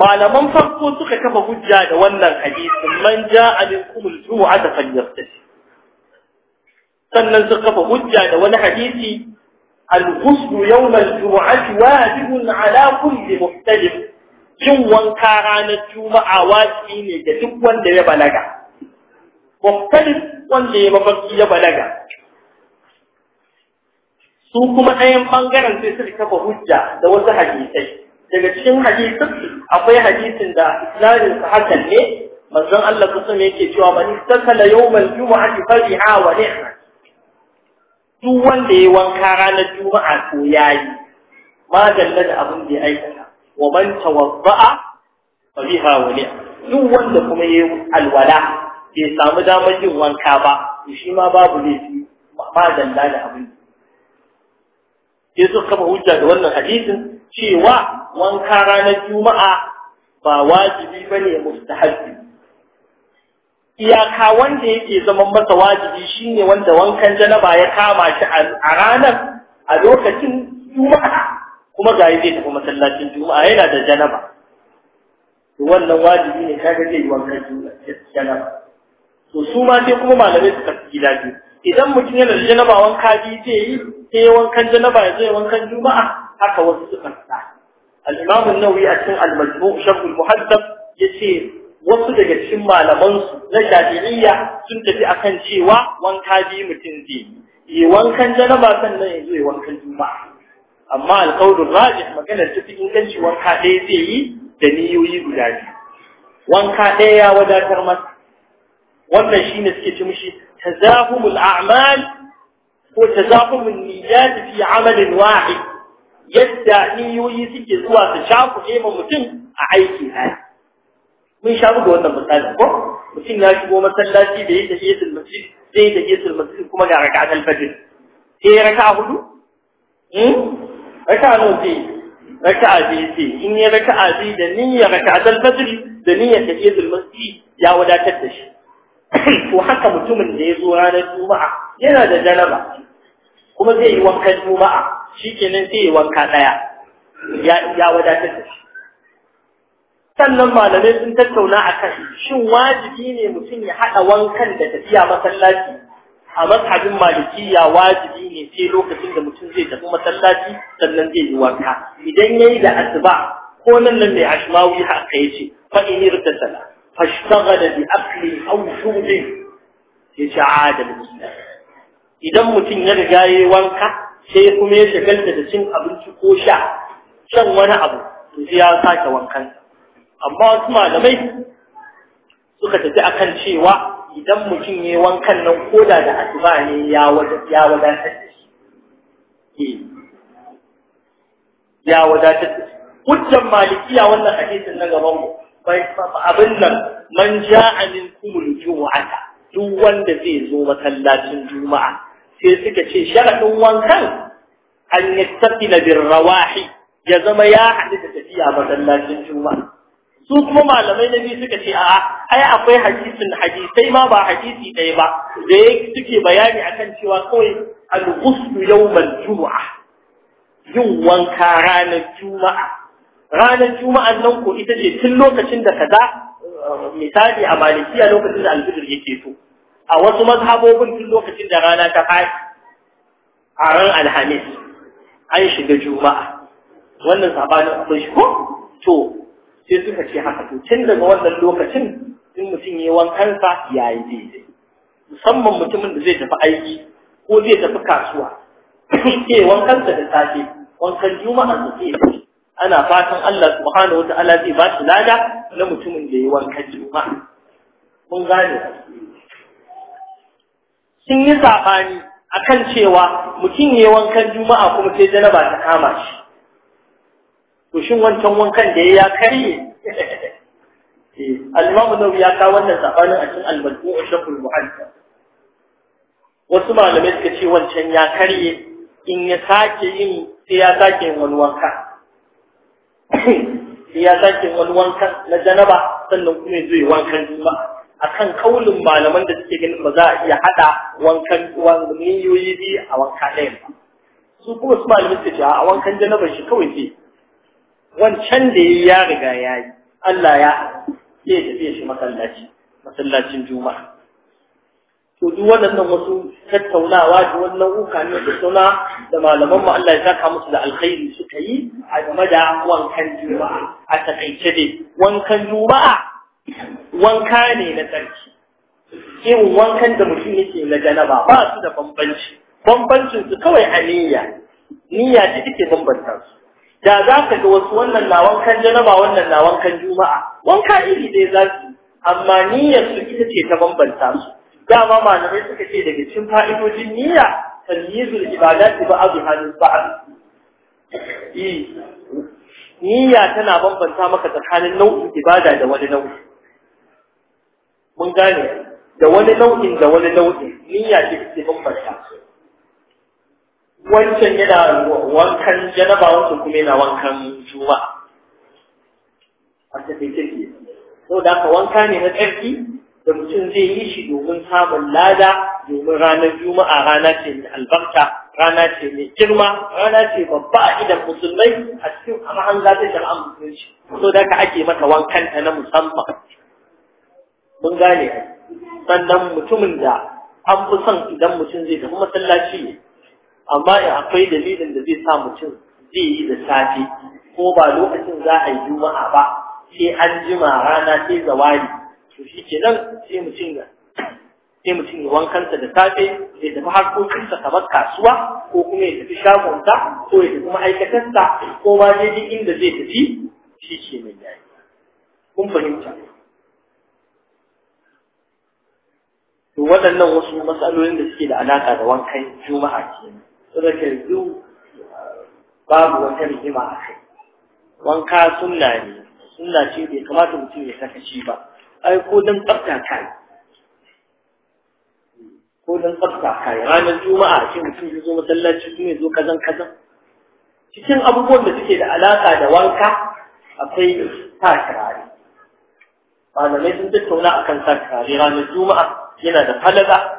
malaman farko suka kafa hujja da wannan hadisin man ja'a minkum al-jumu'a da falyaftasi sannan suka kafa hujja da wani hadisi al-ghusl yawm al-jumu'ati wajibun ala kulli muhtalim yin wanka ranar juma'a wajibi ne ga duk wanda ya balaga muftalif wanda ya mafarki ya balaga su kuma ɗayan ɓangaren sai suka kafa hujja da wasu hadisai daga cikin hadisin akwai hadisin da islamin su hakan ne manzon Allah kusa ne yake cewa man istakala yawmal jumu'ati fariha wa ni'ma duk wanda ya wanka ranar juma'a to yayi magalla da abin da ya aika wa man tawadda'a fa biha wali'a duk wanda kuma yayi alwala bai samu damar yin wanka ba to shi ma babu laifi ba ba da da abin yazo kama hujja da wannan hadisin cewa wanka ranar juma'a ba wajibi bane mustahabbi iyaka wanda yake zaman masa wajibi shine wanda wankan janaba ya kama shi a ranar a lokacin juma'a kuma ga zai tafi masallacin juma'a yana da janaba wannan wajibi ne kaga zai yi wankan janaba to su ma sai kuma malamai suka fi gida biyu idan mutum yana da janaba wanka biyu zai yi sai wankan janaba ya zai wankan juma'a haka wasu suka sa al-imam an-nawawi a cikin al-majmu' sharh al-muhaddab yace wasu daga cikin malamansu na shafi'iyya sun tafi akan cewa wanka biyu mutum zai yi wankan janaba sannan ya zo ya wankan juma'a amma alƙawlul raji maganar ta fi inganci wanka ɗaya zai yi da niyoyi guda biyu wanka ɗaya ya wadatar masa wannan shi ne suke ci ta tazahumul a'mal ko ta niyya ta fi amalin wahid yadda niyoyi suke zuwa su shafuɗe ma mutum a aiki ɗaya mun sha da wannan misali ko mutum ya shigo masallaci da yake yesul masjid sai da yesul masjid kuma ga raka'a alfajir sai raka'a hudu hmm? raka'a nawa ce raka'a biyu ce in ya raka'a biyu da niyyar raka'atul fajr da niyyar tahiyatul masjid ya wadatar da shi to haka mutumin da ya zo ranar juma'a yana da janaba kuma zai yi wankan juma'a shikenan zai yi wanka daya ya ya wadatar da shi sannan malamai sun tattauna akan shin wajibi ne mutum ya hada wankan da tafiya masallaci a mazhabin malikiya wajibi ne sai lokacin da mutum zai tafi masallaci sannan zai yi wanka idan yayi da asuba ko nan nan ne ashmawi haka yace fa in irtasala fashtaghala bi akli aw shurbi yace aada muslim idan mutum ya riga yayi wanka sai kuma ya shagalta da cin abinci ko sha shan wani abu to sai ya sake wankan amma wasu malamai suka tafi akan cewa idan mutum ya wankan nan koda da asuba ne ya wadatar da shi eh. ya wadatar da shi hujjan malikiya wannan hadisin na gaban mu abin nan man ja'a minkum kumul jumuata duk wanda zai zo masallacin juma'a sai suka ce sharadin wankan an yattasila na rawahi ya zama ya haɗu da tafiya masallacin juma'a su kuma malamai na biyu suka ce a'a ai akwai hadisin hadisai ma ba hadisi ɗaya ba da ya suke bayani akan cewa kawai al-ghuslu yawmal jumu'a yin wanka ranar juma'a ranar juma'a nan ko ita ce tun lokacin da kaza misali a malikiya lokacin da alfijir yake so a wasu mazhabobin tun lokacin da rana ta faɗi a ran alhamis an shiga juma'a wannan sabanin akwai shi ko to sai suka ce haka to tun daga wannan lokacin in mutum ya wankansa ya yi daidai musamman mutumin da zai tafi aiki ko zai tafi kasuwa ke *coughs* eh, wankansa da safe wankan juma'a su ke ana fatan Allah subhanahu wata'ala zai ba shi lada na mutumin da ya wankan juma'a mun gane sun yi saɓani akan cewa mutum ya wankan juma'a kuma sai janaba ta kama shi to shin wancan wankan da ya karye *laughs* eh, al-imamu nawawi ya kawo wannan sabanin a cikin al wa shakul muhaddith wasu malamai suka ce wancan ya karye in ya sake yin sai ya sake yin wani wanka *coughs* sai ya sake yin wani wanka na janaba sannan kuma zai zo ya wankan juma'a akan kaulin malaman da suke ganin ba za a iya hada wankan wani yoyi biyu a wanka ɗaya ba su kuma su malamai suka ce a wankan janaba shi kawai ce. wancan da yayi ya riga ya yi, Allah ya da tafi shi masallaci masallacin juma'a to duk waɗannan wasu tattaunawa da wannan uka ne da suna da malaman mu Allah ya saka musu da alkhairi suka yi a game da wankan juma'a a takaice dai wankan juma'a wanka ne na tsarki irin wankan da mutum yake na janaba ba su da bambanci bambancin su kawai a niyya niyya ce take bambanta su da za ka ga wasu wannan na wankan janaba wannan na wankan juma'a wanka iri dai za su amma niyyar su ita ce ta bambanta su dama malamai suka ce daga cikin fa'idojin niyya tamyizul ibadati ba halin ba'd eh niyya tana bambanta maka tsakanin nau'in ibada da wani nau'i mun gane da wani nau'in da wani nau'in niyya ce take bambanta wancan yana wankan janaba wancan kuma yana wankan juma'a a tafi take so da aka wanka ne na tsarki da mutum zai yi shi domin samun lada domin ranar juma'a rana ce mai albarka rana ce mai girma rana ce babba a idan musulmai a cikin amahan za ta shar'an musulunci so da aka ake maka wankan ta na musamman mun gane sannan mutumin da an fi son idan mutum zai tafi masallaci ne amma in akwai dalilin da zai sa mutum zai yi da safe ko ba lokacin za a yi juma'a ba sai an jima rana sai zawari to shi kenan sai mutum ya sai mutum ya wankansa da safe ya tafi harkokinsa kamar kasuwa ko kuma ya tafi shagonsa ko ya tafi ma'aikatarsa ko ma dai inda zai tafi shi ke mai yayi kun fahimta to waɗannan wasu matsalolin da suke da alaƙa da wankan juma'a kenan rakirdu babu wata rigima a kai wanka suna ne suna ce bai kamata mutum ya saka shi ba ai ko don tsabta kai ko don tsabta kai ranar juma'a ce mutum ya zo masallaci kuma ya zo kazan kazan cikin abubuwan da suke da alaka da wanka akwai sa turare malamai sun tattauna akan sa turare ranar juma'a yana da falaga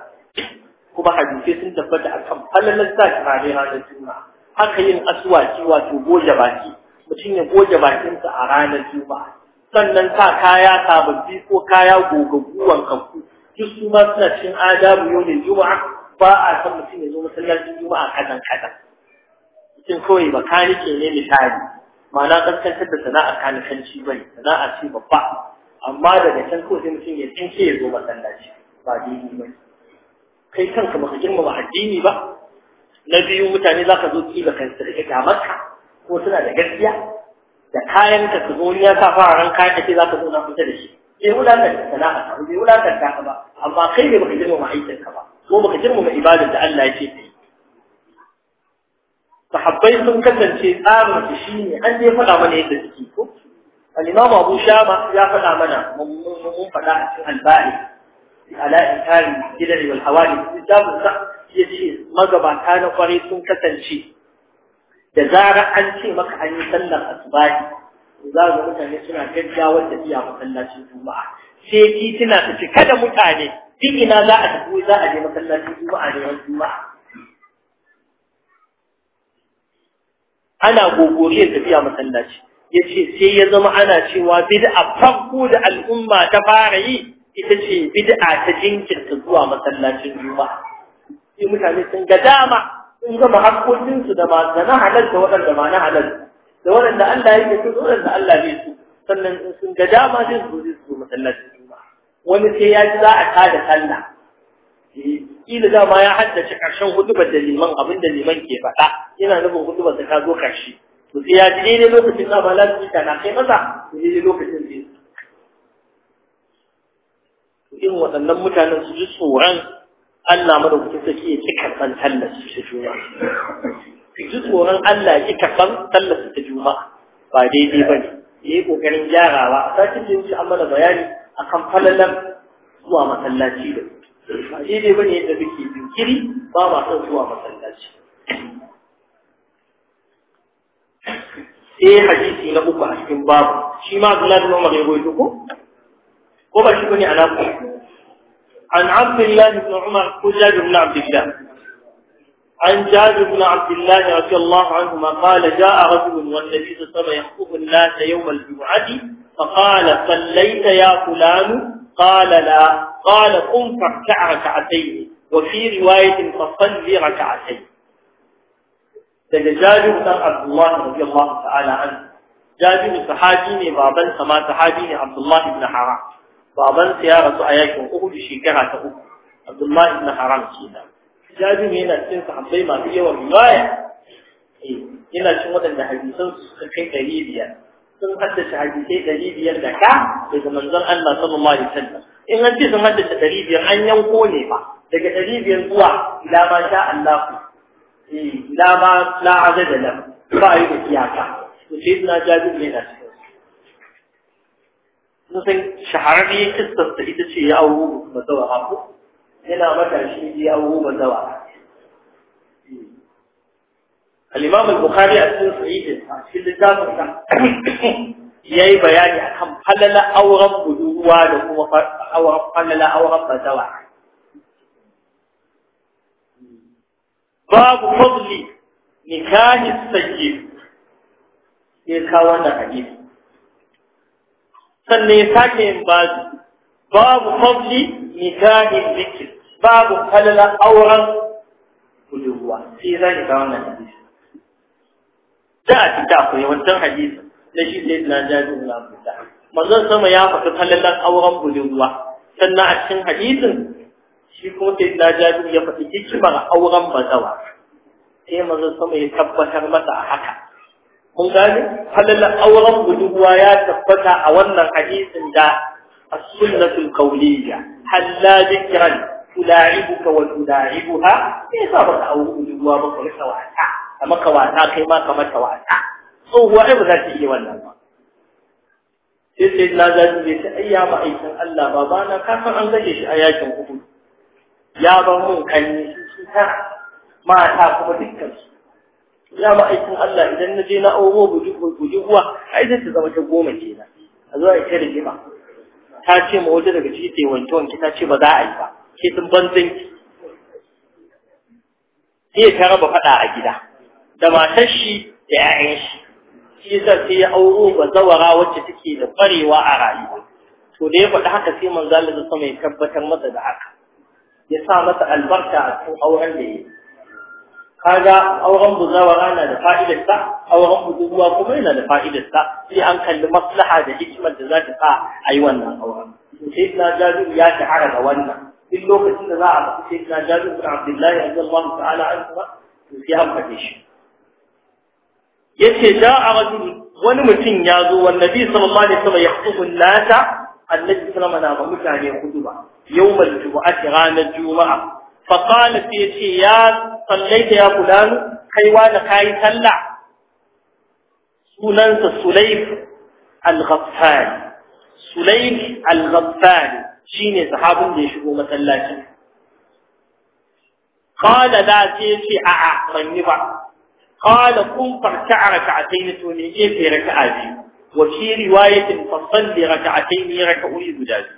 kuma hadisai sun tabbata akan falalar sa turare ranar juma'a haka yin aswaki wato goge baki mutum ya goge bakinsa a ranar juma'a sannan sa kaya sababbi ko kaya gogaguwan kanku, duk su ma suna cikin adabu yau da juma'a ba a san mutum ya zo masallacin juma'a kadan kadan mutum kawai bakanike ne misali ma'ana kaskantar da sana'a kanikanci bai sana'a ce babba amma daga can kawai mutum ya tsinke ya zo masallaci ba daidai ba kai kanka baka girmama addini ba na biyu mutane za ka zo kila kan su rike maka. ko suna da gaskiya da kayan ka su ya sa fararen kayan ka ce za ka zo na fita da shi bai wulatar da sana'a ta, bai wulatar da ka ba amma kai ne baka girmama aikin ka ba ko baka girmama ibadar da Allah ya yi sahabbai sun kasance tsarin shi shine an je faɗa mana yadda suke ko al-imam Abu Shama ya faɗa mana mun faɗa a cikin al ala inkari gidan wal hawali kitabun sa ce magabata na kwari sun kasance da zarar an ce maka an yi sallar asubahi za ga mutane suna gaggawar tafiya masallacin juma'a sai titina su ci kada mutane duk ina za a tafi za a je masallacin juma'a da ran juma'a ana gogoriyar biya masallaci yace sai ya zama ana cewa bid'a farko da al'umma ta fara yi ita ce bid'a ta jinkirta zuwa masallacin juma'a sai mutane sun ga dama sun gama hakkokinsu da da na halarta waɗanda ba na halarta. da waɗanda Allah ya yi da waɗanda Allah bai su sannan sun ga dama sai su zo masallacin juma'a wani sai ya ji za a tada sallah eh, kila dama ya haddace ƙarshen hudubar da liman abin da liman ke faɗa yana nufin hudubar da ta zo ƙarshe to sai ya ji daidai lokacin na ba lafiya na kai masa daidai lokacin zai irin waɗannan mutanen su ji tsoron Allah madaukakin sarki ya ki karɓan tallafi ta juma'a su ji tsoron Allah ya ki karɓan tallafi ta juma'a ba daidai ba ne ya yi ƙoƙarin gyarawa a satin da wuce an mana bayani akan falalan zuwa masallaci da ba daidai ba ne yadda muke jinkiri ba ma son zuwa masallaci sai hadisi na uku a cikin babu shi ma Abdullahi zuma ya goyi ko وبشكني عن أبو عن عبد الله بن عمر قجاج بن عبد الله عن جابر بن عبد الله رضي الله عنهما قال جاء رجل والنبي صلى الله عليه وسلم الناس يوم الجمعة فقال صليت يا فلان قال لا قال قم فاركع ركعتين وفي رواية فصل ركعتين تجاج بن عبد الله رضي الله تعالى عنه جاج بن صحابي بابا كما صحابي عبد الله بن حرام babansa ya rasu a yakin uku Uhud shekara ta uku Abdullahi ibn Haram kenan Jabir yana cikin sahabbai masu yawan riwaya eh yana cikin waɗanda hadisan su suka kai ɗari biyar sun haddace hadisai ɗari biyar da ka daga manzon Allah sallallahu alaihi wasallam in an ce sun haddace ɗari biyar an yanko ne ba daga ɗari biyar zuwa ila ma sha Allah eh ila ma la da lam ba yi iyaka to sai na Jabir yana cikin shahararri shahararriyar kistarsa ita ce ya auro mazawa haku yana matashi ya auro mazawa al-imam al-bukhari a cikin sa'idin a cikin littafin sa yi bayani akan falala auren budurwa da kuma falala auren mazawa babu fadli nikahi sayyid sai ka wannan hadisi sannan ya sake yin bazu babu fadli nikahin zikir babu kalala auren budurwa sai za ki kawo wannan hadisi da a cikin akwai wancan hadisi na shi sai na jaji na fita manzon sama ya faɗi kalala auren budurwa sannan a cikin hadisin shi kuma sai na jaji ya faɗi hikimar auren bazawa sai manzon sama ya tabbatar masa a haka kun gane halalla auren budurwa ya tabbata a wannan hadisin da as-sunnatul qawliyya halla dhikran tula'ibuka wa tula'ibuha sai sa ba aure budurwa ba ku rasa wata amma ka wata kai ma ka mata wata tsohuwa ai ba za ta iya wannan ba sai sai na za ayya sai ai ya ma'aikin Allah babana ka san an zage shi a yakin Uhud ya ba mun kanni shi ta mata kuma dukkan su ya ma'aikin Allah idan na je na auro guji uwa ai zai ta zama ta goma kenan a zuwa ita rigima ta ce ma wata daga ciki ta wanke wanke ta ce ba za a yi ba ke sun banzan ki sai ta raba faɗa a gida da matar shi da 'ya'yan shi shi sa sai ya auro ba zawara wacce take da ƙwarewa a rayuwa to da ya faɗi haka sai manzo Allah sama ya tabbatar masa da haka ya sa masa albarka a cikin auren da ya yi kaga auren buzawa na da fa'idarsa auren budurwa kuma yana da fa'idarsa sai an kalli maslaha da hikimar da za ta sa a yi wannan auren sai na jazu ya shahara da wannan duk lokacin da za a faɗi sai na jazu bin abdullahi radiyallahu ta'ala an kuma sai an faɗe shi yace da a wani mutum ya zo wannabi sallallahu alaihi wasallam ya khutubu nata annabi sallallahu alaihi wasallam na mutane kutuba yawmal jumu'ati ranar juma'a faƙali sai ce ya tsallaita ya gudanu kaiwa da kayi talla sunansa sulaif al-gabtani sulaif al-gabtani shi ne sahabin da ya shigo matsallaci ƙada da ce ce a ba ƙada kun farce a raka a sai nito ne ke fi raka a biyu wa fi riwayatin da raka a sai ne guda biyu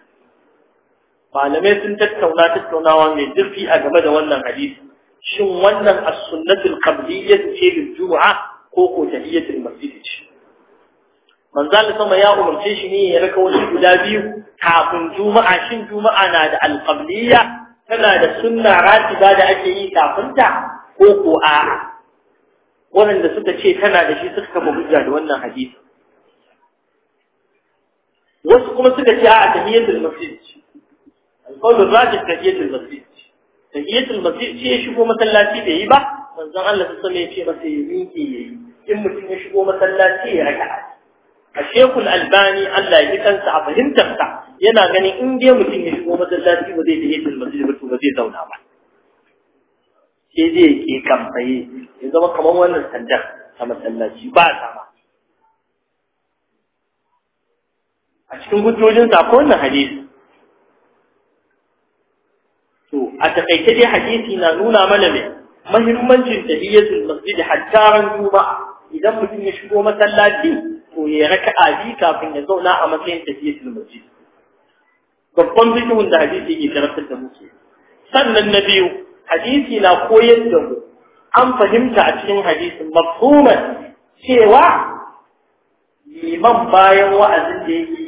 malamai sun tattauna tattaunawa mai zurfi a game da wannan hadisi shin wannan as-sunnatul qabliyyah ce lil jumu'a ko ko tahiyatul masjid ce manzo Allah sama ya umarce shi ne ya raka wani guda biyu kafin juma'a shin juma'a na da al-qabliyya tana da sunna ratiba da ake yi kafin ta ko ko a waɗanda suka ce tana da shi suka kama hujja da wannan hadisi wasu kuma suka ce a tahiyatul masjid ce alqawl ar-rajih tahiyatul masjid tahiyatul masjid ce shigo masallaci da yi ba manzon Allah ta ya ce masa ya miƙe yayi in mutum ya shigo masallaci ya raka'a a shekul albani Allah ya ki kansa a fahimtarsa yana ganin in dai mutum ya shigo masallaci ba zai tahiyatul masjid ba ba zai zauna ba sai zai ke kamfaye ya zama kamar wannan sandar a masallaci ba sama a cikin hujjojin sa ko wannan hadisi a takaice dai hadisi na nuna mana ne muhimmancin tahiyatul masjid hatta ran juma'a idan mutum ya shigo masallaci to ya raka bi kafin ya zauna a matsayin tahiyatul masjid babban fikihun da hadisi ke karantar da muke sannan na biyu hadisi na koyar da mu an fahimta a cikin hadisin mafhuman cewa liman bayan wa'azin da yake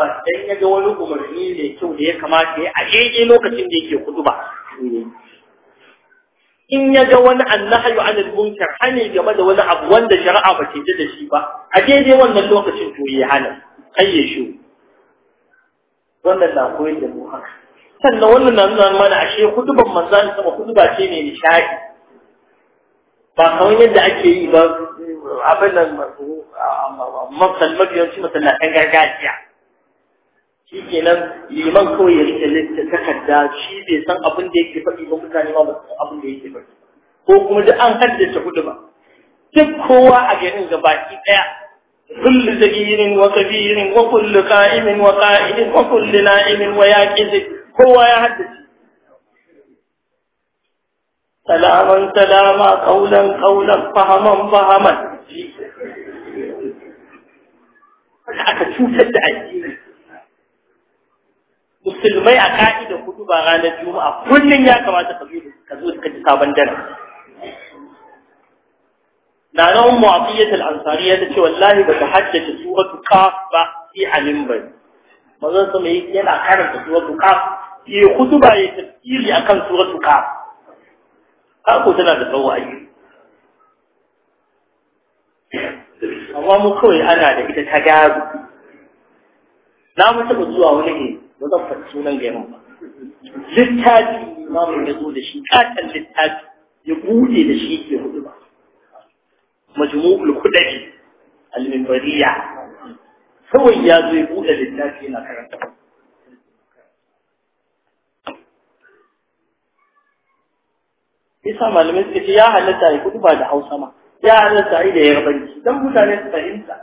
ba dan ya ga wani umarni mai kyau da ya kamata ya a daidai lokacin da yake kudu ba in ya ga wani annahyu anil munkar hani game da wani abu wanda shari'a ba ce da shi ba a daidai wannan lokacin to ya hana kayye shi wannan na koyar da mu haka sannan wannan na nuna mana ashe manzo ne sama kuduba ce ne nishadi ba kamar yadda ake yi ba abin nan masu mafiyanci ɗan gargajiya shi kenan liman kawai ya rike takarda shi bai san abin da yake faɗi ba mutane ma ba su abin da yake faɗi ko kuma da an haddace hudu ba duk kowa a garin ga baki ɗaya كل زجير وكبير وكل قائم وقائد وكل نائم وياكز هو يحدث سلاما سلاما قولا قولا فهما فهما aka cutar da addini musulmai a da kudu ba ranar juma'a kullum ya kamata ka zuwa ka zo ka ji sabon dare na na ummu afiyyat al-ansariya ya ce wallahi ba hajji haddace suratu qaf ba fi alim bai manzon sama yana karanta suratu qaf yi khutuba yi tafsiri akan suratu qaf har ko tana da tsawo ayi amma mu kawai ana da ita ta gyaru. na mu zuwa wani ba zan faɗi sunan garin ba littafi imamu ya zo da shi katon littafi ya bude da shi ke hudu ba majmu'ul kudaji al-minbariya kawai ya zo ya bude littafi yana karanta isa malamai suka ce ya halatta ya kudu ba da hausa ma ya halatta yi da yarbanci don mutane su fahimta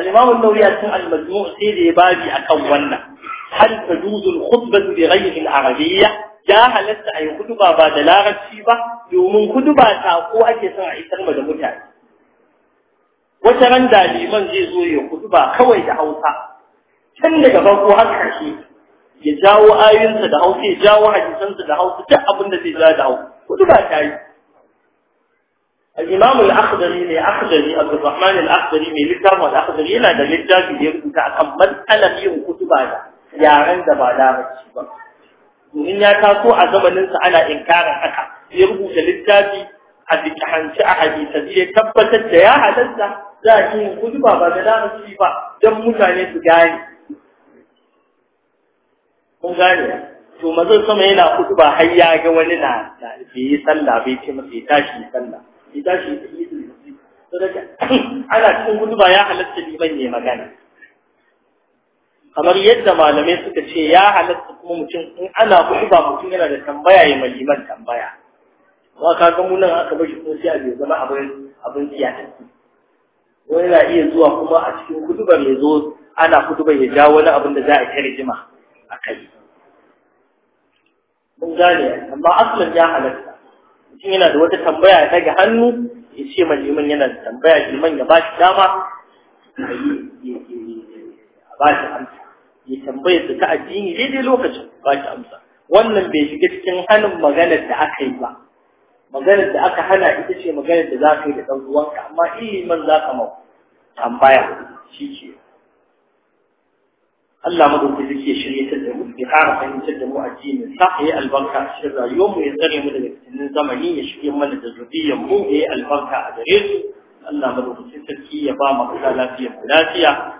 al-imamu nauri a cikin al-majmu' sai da ya babi akan wannan هل تجوز الخطبة بغير العربية ya halatta a yi kuduba ba da larabci ba domin kuduba ta ko ake son a isar ma da mutane wata ran da liman zai zo ya kuduba kawai da hausa can daga farko har karshe ya jawo ayoyinsa da hausa ya jawo hadisansa da hausa duk abin da da hausa kuduba ta yi الإمام الأخضري من أخضري الرحمن الأخضري من لتاب الأخضري لا دليل جاهز يقول أكمل ألم يوم كتبها yaren da ba larabci ba domin ya taso a zamaninsa ana inkarin haka ya rubuta littafi a zikihanci a hadisance ya tabbatar da ya halatta za a yi kudu ba da larabci ba don mutane su gane kun gane to mazan sama yana kudu ba, har ya ga wani na bai yi sallah bai ce masa ya tashi sallah ya tashi ya yi *clears throat* ana cikin ba ya halatta liman ne magana kamar yadda malamai suka ce ya halatta kuma mutum in ana ba mutum yana da tambaya ya maliman tambaya kuma ka ga munan aka bashi kuma sai a bai zama abin abin tsiyatarki wani na iya zuwa kuma a cikin ba ya zo ana ba ya ja wani abin da za a kare jima a kai mun gane amma asalin ya halatta mutum yana da wata tambaya ya ɗage hannu ya ce maliman yana da tambaya liman ya ba shi dama a yi ba shi amsa ya tambayar da ta addini daidai lokacin ba shi amsa wannan bai shiga cikin hanin maganar da aka yi ba maganar da aka hana ita ce maganar da za ka yi da ɗan uwanka amma ilimin za ka mau tambaya shi ke Allah madauki suke shirye ta da mu ya ƙara fahimtar da mu addinin sa ya yi albarka a cikin rayuwar mu ya tsare mu daga fitinin zamani ya shirye mana da zuriyar mu ya yi albarka a gare su Allah madauki sarki ya ba mu lafiya lafiya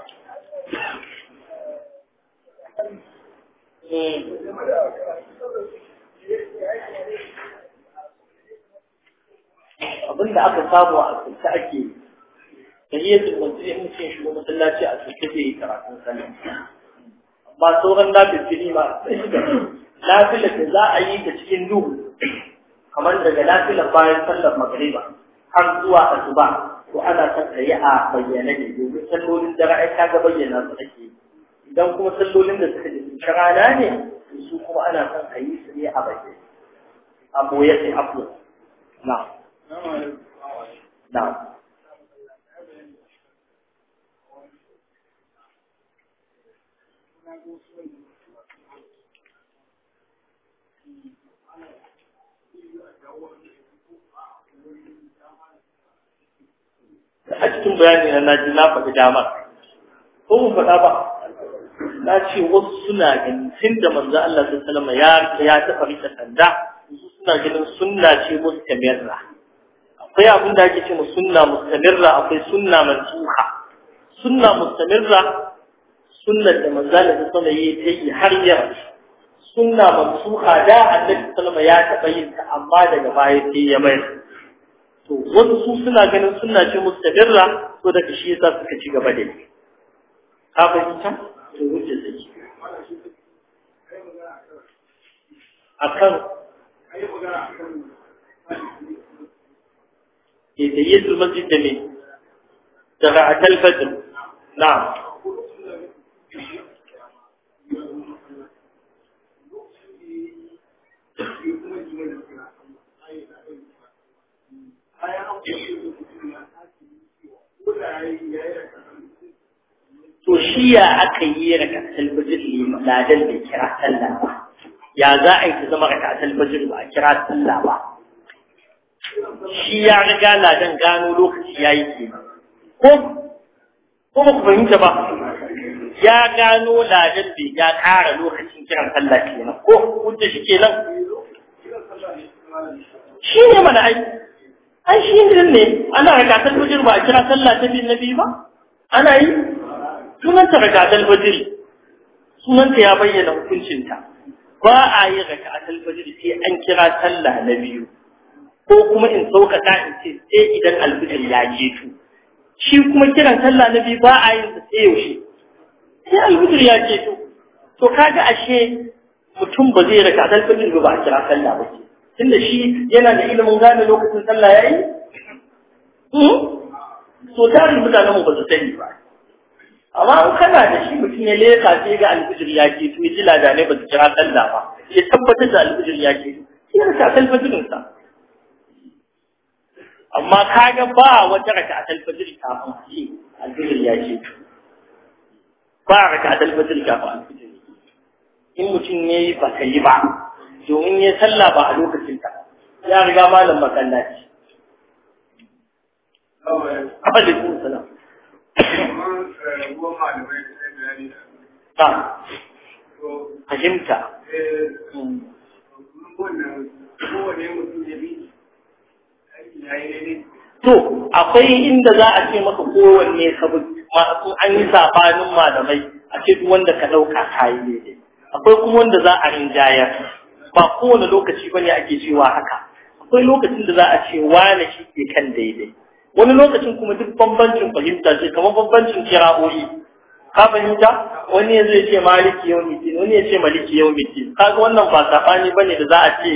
abinda aka samu a asirce ake yi da iya tsumbunci ne mutum shigo masallaci a asirce zai yi karatun sallah amma sauran lafiyar jini ba lafila da za a yi ta cikin duhu kamar daga lafiyar bayan sallar magariba har zuwa asuba ko ana son ka yi a bayyane ne domin sallolin dare ta ga bayyana su ake idan kuma sallolin da suka jikinci rana ne su kuma ana son a yi su ne a baje a boye sai aflo na na a cikin bayani na naji na faɗi damar ko mu faɗa ba na ce wasu suna ganin tun da manzo Allah sallallahu alaihi wasallam ya taɓa rike sanda suna ganin sunna ce mustamirra akwai abin da ake ce mu sunna mustamirra akwai sunna mansuha sunna mustamirra sunna da manzo Allah sallallahu alaihi wasallam ta yi har yau sunna mansuha da Annabi sallallahu alaihi wasallam ya taɓa yin ta amma daga baya sai ya mai to wasu su suna ganin sunna ce mustamirra to daga shi yasa suka ci gaba da ni ka fahimta to hujjar da ke a kan ke da yi zulmanci da ne daga a talfatin na Thank you. to shi ya aka yi rakatul fajr ladan da kira sallah ba ya za a yi ta zama rakatul fajr ba a kira sallah ba shi ya riga ladan gano lokaci ya yi kenan ko ko ba ku fahimta ba ya gano ladan da ya ƙara lokacin kiran sallah kenan ko wanda shi ke nan? shi ne mana ai ai shi ne ana rakatul fajr ba a kira sallah ta bin nabi ba ana yi sunanta raka'atul fajr sunanta ya bayyana hukuncinta ba a yi raka'atul fajr sai an kira sallah na biyu ko kuma in ta in ce sai idan alfijir ya tu. shi kuma kiran sallah na biyu ba a yin sa sai yaushe sai alfijir ya tu. to kaga ashe mutum ba zai raka alfijir ba a kira sallah ba tunda shi yana da ilimin gane lokacin sallah yayi to hmm? tarin mutanen mu ba su sani ba amma in kana da shi mutum ya leka sai ga alfijir ya ke to ji ne ba su kira sallah ba ya tabbatar da alfijir ya ke to sai ya rasa alfajirin sa amma ga ba wata raka a alfajir kafin shi alfijir ya ke to ba raka a alfajir kafin alfijir in mutum ya yi ba ka yi ba domin ya sallah ba a lokacin ta ya riga malam masallaci. Abalikum fahimta eh, to akwai inda za a ce maka kowanne sabon an yi safanin malamai a ce wanda ka dauka kayi ne akwai kuma wanda za a rinjayar ba kowane lokaci bane ake cewa haka akwai lokacin da za a ce wane shi ke kan daidai wani lokacin kuma duk bambancin fahimta ce kamar bambancin kira'o'i ka fahimta wani ya zai ce maliki yau mitin wani ya ce maliki yau mitin kaga wannan ba sabani bane da za a ce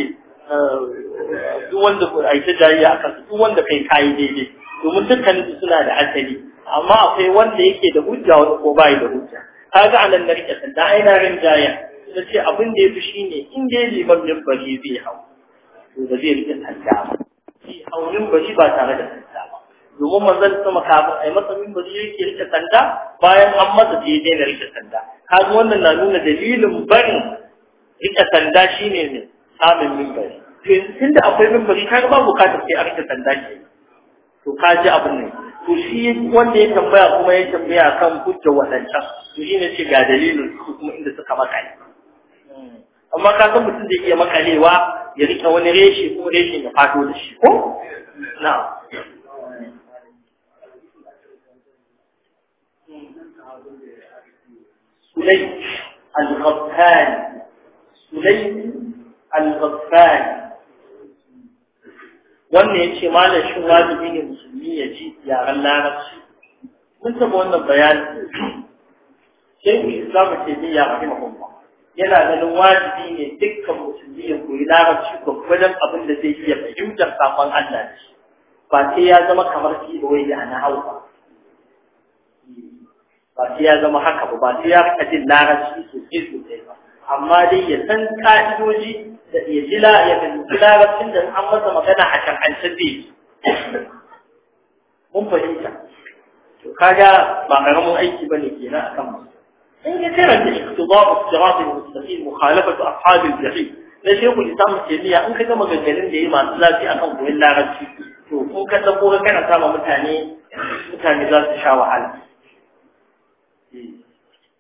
eh, duk wanda a yi ta jayayya a kansu duk wanda kai kayi daidai domin dukkan suna da asali amma akwai wanda yake da hujja wani ko bai da hujja kaga anan na rike sanda ai na rinjaya na ce abin da ya fi shi ne, in dai liman min bari zai hau to ba zai rike sanda ba shi haunin bari ba tare da sanda ba domin manzon sama kafin ai masa mimbari yake rike sanda bayan an masa sai dai na rike sanda kaga wannan na nuna dalilin ban rike sanda shine ne samun mimbari to da akwai mimbari kaga ba bukatar sai a rike sanda ke to kaji abin ne to shi wanda ya tambaya kuma ya tambaya kan hujja wadancan to ne ce ga dalilin su kuma inda suka makale amma ka san mutum da iya makalewa ya rike wani reshe ko reshe ya fado da shi ko na'am سليم الغفان سليم الغفان wannan ya ce malam shi wajibi ne musulmi ya ji yaren larabci mun taɓa wannan bayani sai ku islamu ce ne ya rahima kuma yana ganin wajibi ne dukkan musulmi ya koyi larabci gwaggwajen abin da zai iya fahimtar sakon Allah ne ba sai ya zama kamar fi da wai da na ba. ba sai ya zama haka ba ba sai ya rika jin larabci sosai sosai ba amma dai ya san ka'idoji da ya ji ya fahimci larabcin da an masa magana a can shar'ance zai mun fahimta to kaga ba karamin aiki bane kenan akan mu in ka karanta ba sirat al-mustaqim mukhalafatu ashab al-jahim da shehu islam tayyib in ka ga maganganun da yayi masu lafiya akan koyon larabci to kun ka dauko ka karanta ma mutane mutane za su sha wahala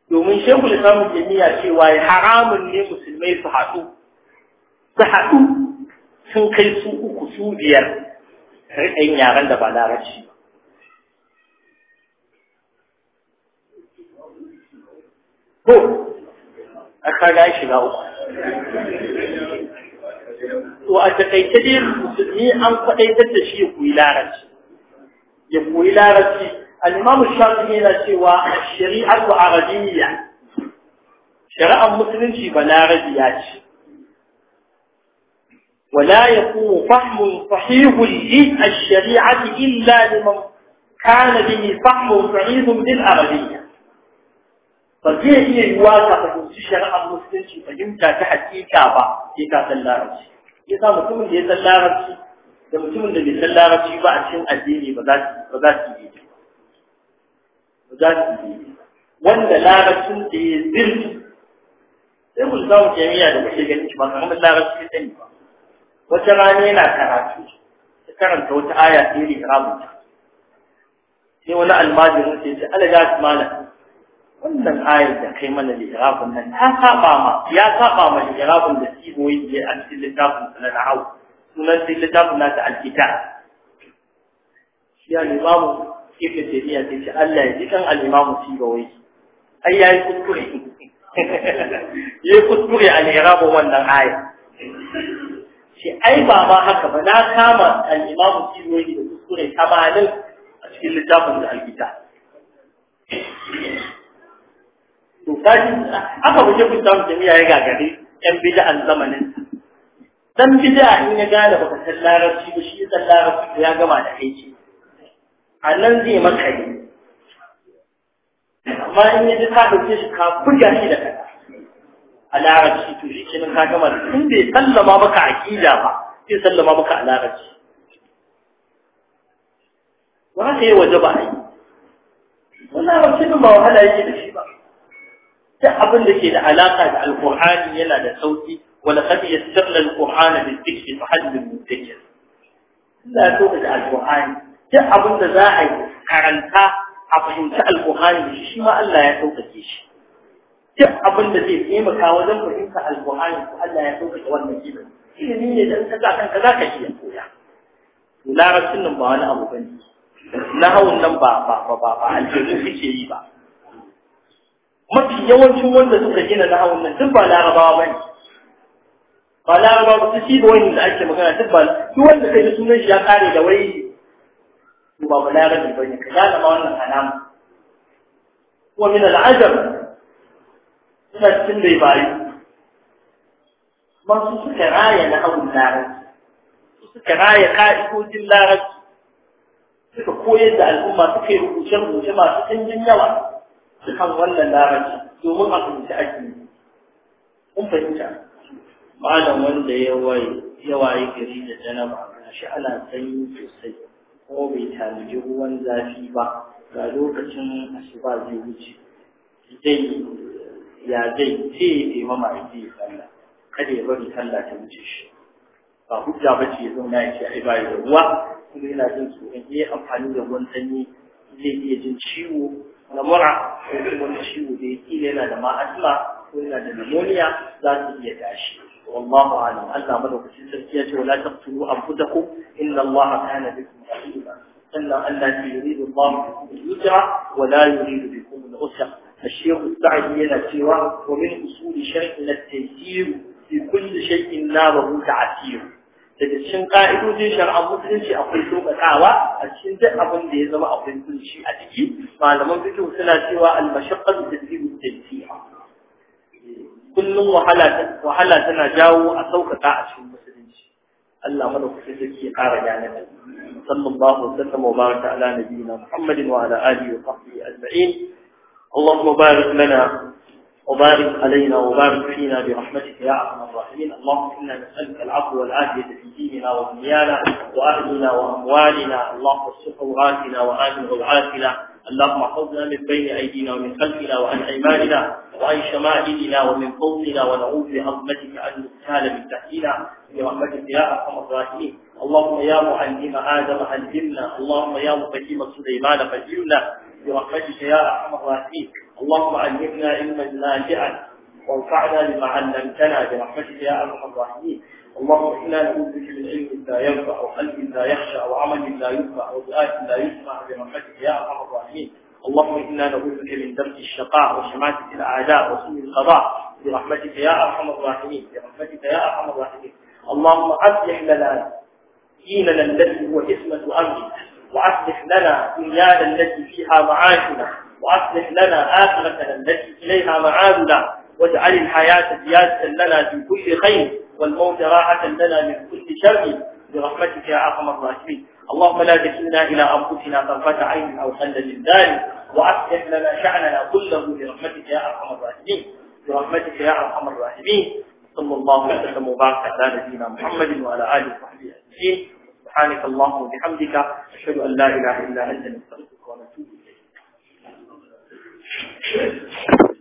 domin shekul islamu jami'a cewa ya haramun ne musulmai su haɗu su haɗu sun kai su uku su biyar rikin yaren da ba larabci ba ko a kaga shiga uku to a takaice musulmi an kwaɗaitar da shi ya koyi larabci ya koyi larabci الإمام الشافعي لا سوى الشريعة العربية شرع مسلم في بلاغة ولا يكون فهم صحيح للشريعة إلا لمن كان به فهم صحيح للعربية فزي هي يواجه تقول شرع المسلم في فهمتها كحقيقة با كيكا سلارتي يسا مسلم يسلارتي da mutumin da bai san larabci ba a cikin addini ba za su yi zahiri wanda larabcin da ya zirfi sai mu samu jami'a da bashi ganin shi ba kamar larabci ya sani ba wata rana yana karatu ta karanta wata aya ta yi ta. sai wani almajirin sai ce ala gasu malam wannan ayar da kai mana lirafin nan ta saba ma ya saba ma lirafin da sigoyi ke a cikin littafin sa na na'au sunan cikin littafin na ta alkita shi ya limamu ibn taymiya sai ce Allah ya ji kan al-imamu wai ai yayi kuskure *laughs* yayi kuskure a irabu wannan aya shi ai ba ma haka ba na kama al-imamu wai da kuskure tamanin a cikin littafin da al-kitab to kaji aka buje kun samu jami'a ya gagare yan bid'an zamanin dan bid'a in ya gane baka tallarar larabci ba shi san larabci ya gama da aiki a nan zai makale amma in ya ji ka ɗauke shi ka buga shi da kasa a larabci to shi kenan ka gama da tun bai sallama maka a ƙila ba zai sallama maka a larabci ba ka yi waje ba a yi wani larabci ba wahala yake da shi ba duk abin da ke da alaƙa da alƙur'ani yana da sauƙi wala qad yassarna alqur'ana lidhikri fahal min mudhakkir la tuqad alqur'ani duk abin da za a yi karanta a fahimci alƙur'ani da shi ma Allah ya ɗaukake shi duk abin da zai taimaka wajen fahimta alƙur'ani ko Allah ya ɗaukake wannan ilimi ilimi ne dan kaza kan za ka iya koya to larabcin nan ba wani abu bane nahawun nan ba ba ba ba ba aljanu suke yi ba mafi yawancin wanda suka gina na nahawun nan duk ba larabawa ba ne, ba larabawa ba su ci da wani da ake magana duk ba duk wanda kai sunan shi ya kare da wai to ba balarabi ba ne ka gane ma wannan alama kuma min al'ajab suna cikin bai bayu kuma su suka raya na hawan larabci su suka raya ka'idojin larabci suka koyar da al'umma suka yi rubuce-rubuce masu ɗanyen yawa kan wannan larabci domin a fahimci yi. kun fahimta malam wanda ya waye gari da janaba shi ana sanyi sosai ko bai tanaji ruwan zafi ba ga lokacin asuba zai wuce zai ya zai ce ya taima ya sallah kada ya bari sallah ta wuce shi ba hujja ba ce ya zauna ya ce ai ba da ruwa kuma yana jin tsoron ya amfani da ruwan sanyi zai iya jin ciwo na mura ko kuma ciwo da ya yana da ma'asma ko yana da pneumonia za su iya tashi والله أعلم ألا ملك السلسلة ولا تقتلوا أنفسكم إن الله كان بكم رحيما إلا ألا يريد الله بكم اليسر ولا يريد بكم العسر الشيخ السعدي ينسيره ومن أصول شيء التيسير في كل شيء ناره تعسير daga cikin ka'idojin shari'ar musulunci akwai lokatawa a cikin duk abin da ya zama akwai kunci a ciki malaman fiqh suna cewa al-mashaqqatu tadribu tadbir kullum wahala wahala tana jawo a saukaka a cikin musulunci Allah madaukaki sarki ya kara gane ta sallallahu alaihi wasallam wa baraka ala nabiyina Muhammadin wa ala alihi wa sahbihi ajma'in اللهم بارك لنا وبارك علينا وبارك فينا برحمتك يا ارحم الراحمين اللهم انا نسالك العفو والعافيه في ديننا ودنيانا واهلنا واموالنا اللهم استر عوراتنا وامن عوراتنا اللهم احفظنا من بين أيدينا ومن خلفنا وعن أيماننا وعن شمائلنا ومن فوقنا ونعوذ بعظمتك أن نسهل من تحتنا برحمتك يا أرحم الراحمين اللهم يا معلم آدم علمنا اللهم يا مفهيم سليمان فهمنا برحمتك يا أرحم الراحمين اللهم علمنا علما نافعا وانفعنا لما علمتنا برحمتك يا أرحم الراحمين اللهم إنا نعوذ بك من علم لا ينفع وقلب لا يخشع وعمل لا ينفع وسؤال لا يسمع برحمتك يا أرحم الراحمين اللهم إنا نعوذ بك من درس الشقاء وشماتة الأعداء وسوء القضاء برحمتك يا أرحم الراحمين برحمتك يا أرحم الراحمين اللهم أصلح لنا ديننا الذي هو عصمة أمرنا وأصلح لنا دنيانا التي فيها معاشنا وأصلح لنا آخرتنا التي إليها معادنا واجعل الحياة زيادة لنا في كل خير والموت راحة لنا من كل شر برحمتك يا أرحم الراحمين اللهم لا تكلنا إلى أنفسنا طرفة عين أو خلل من ذلك وأصلح لنا شأننا كله برحمتك يا أرحم الراحمين برحمتك يا أرحم الراحمين صلى الله وسلم وبارك على نبينا محمد وعلى آله وصحبه أجمعين سبحانك اللهم وبحمدك أشهد أن لا إله إلا أنت نستغفرك ونتوب إليك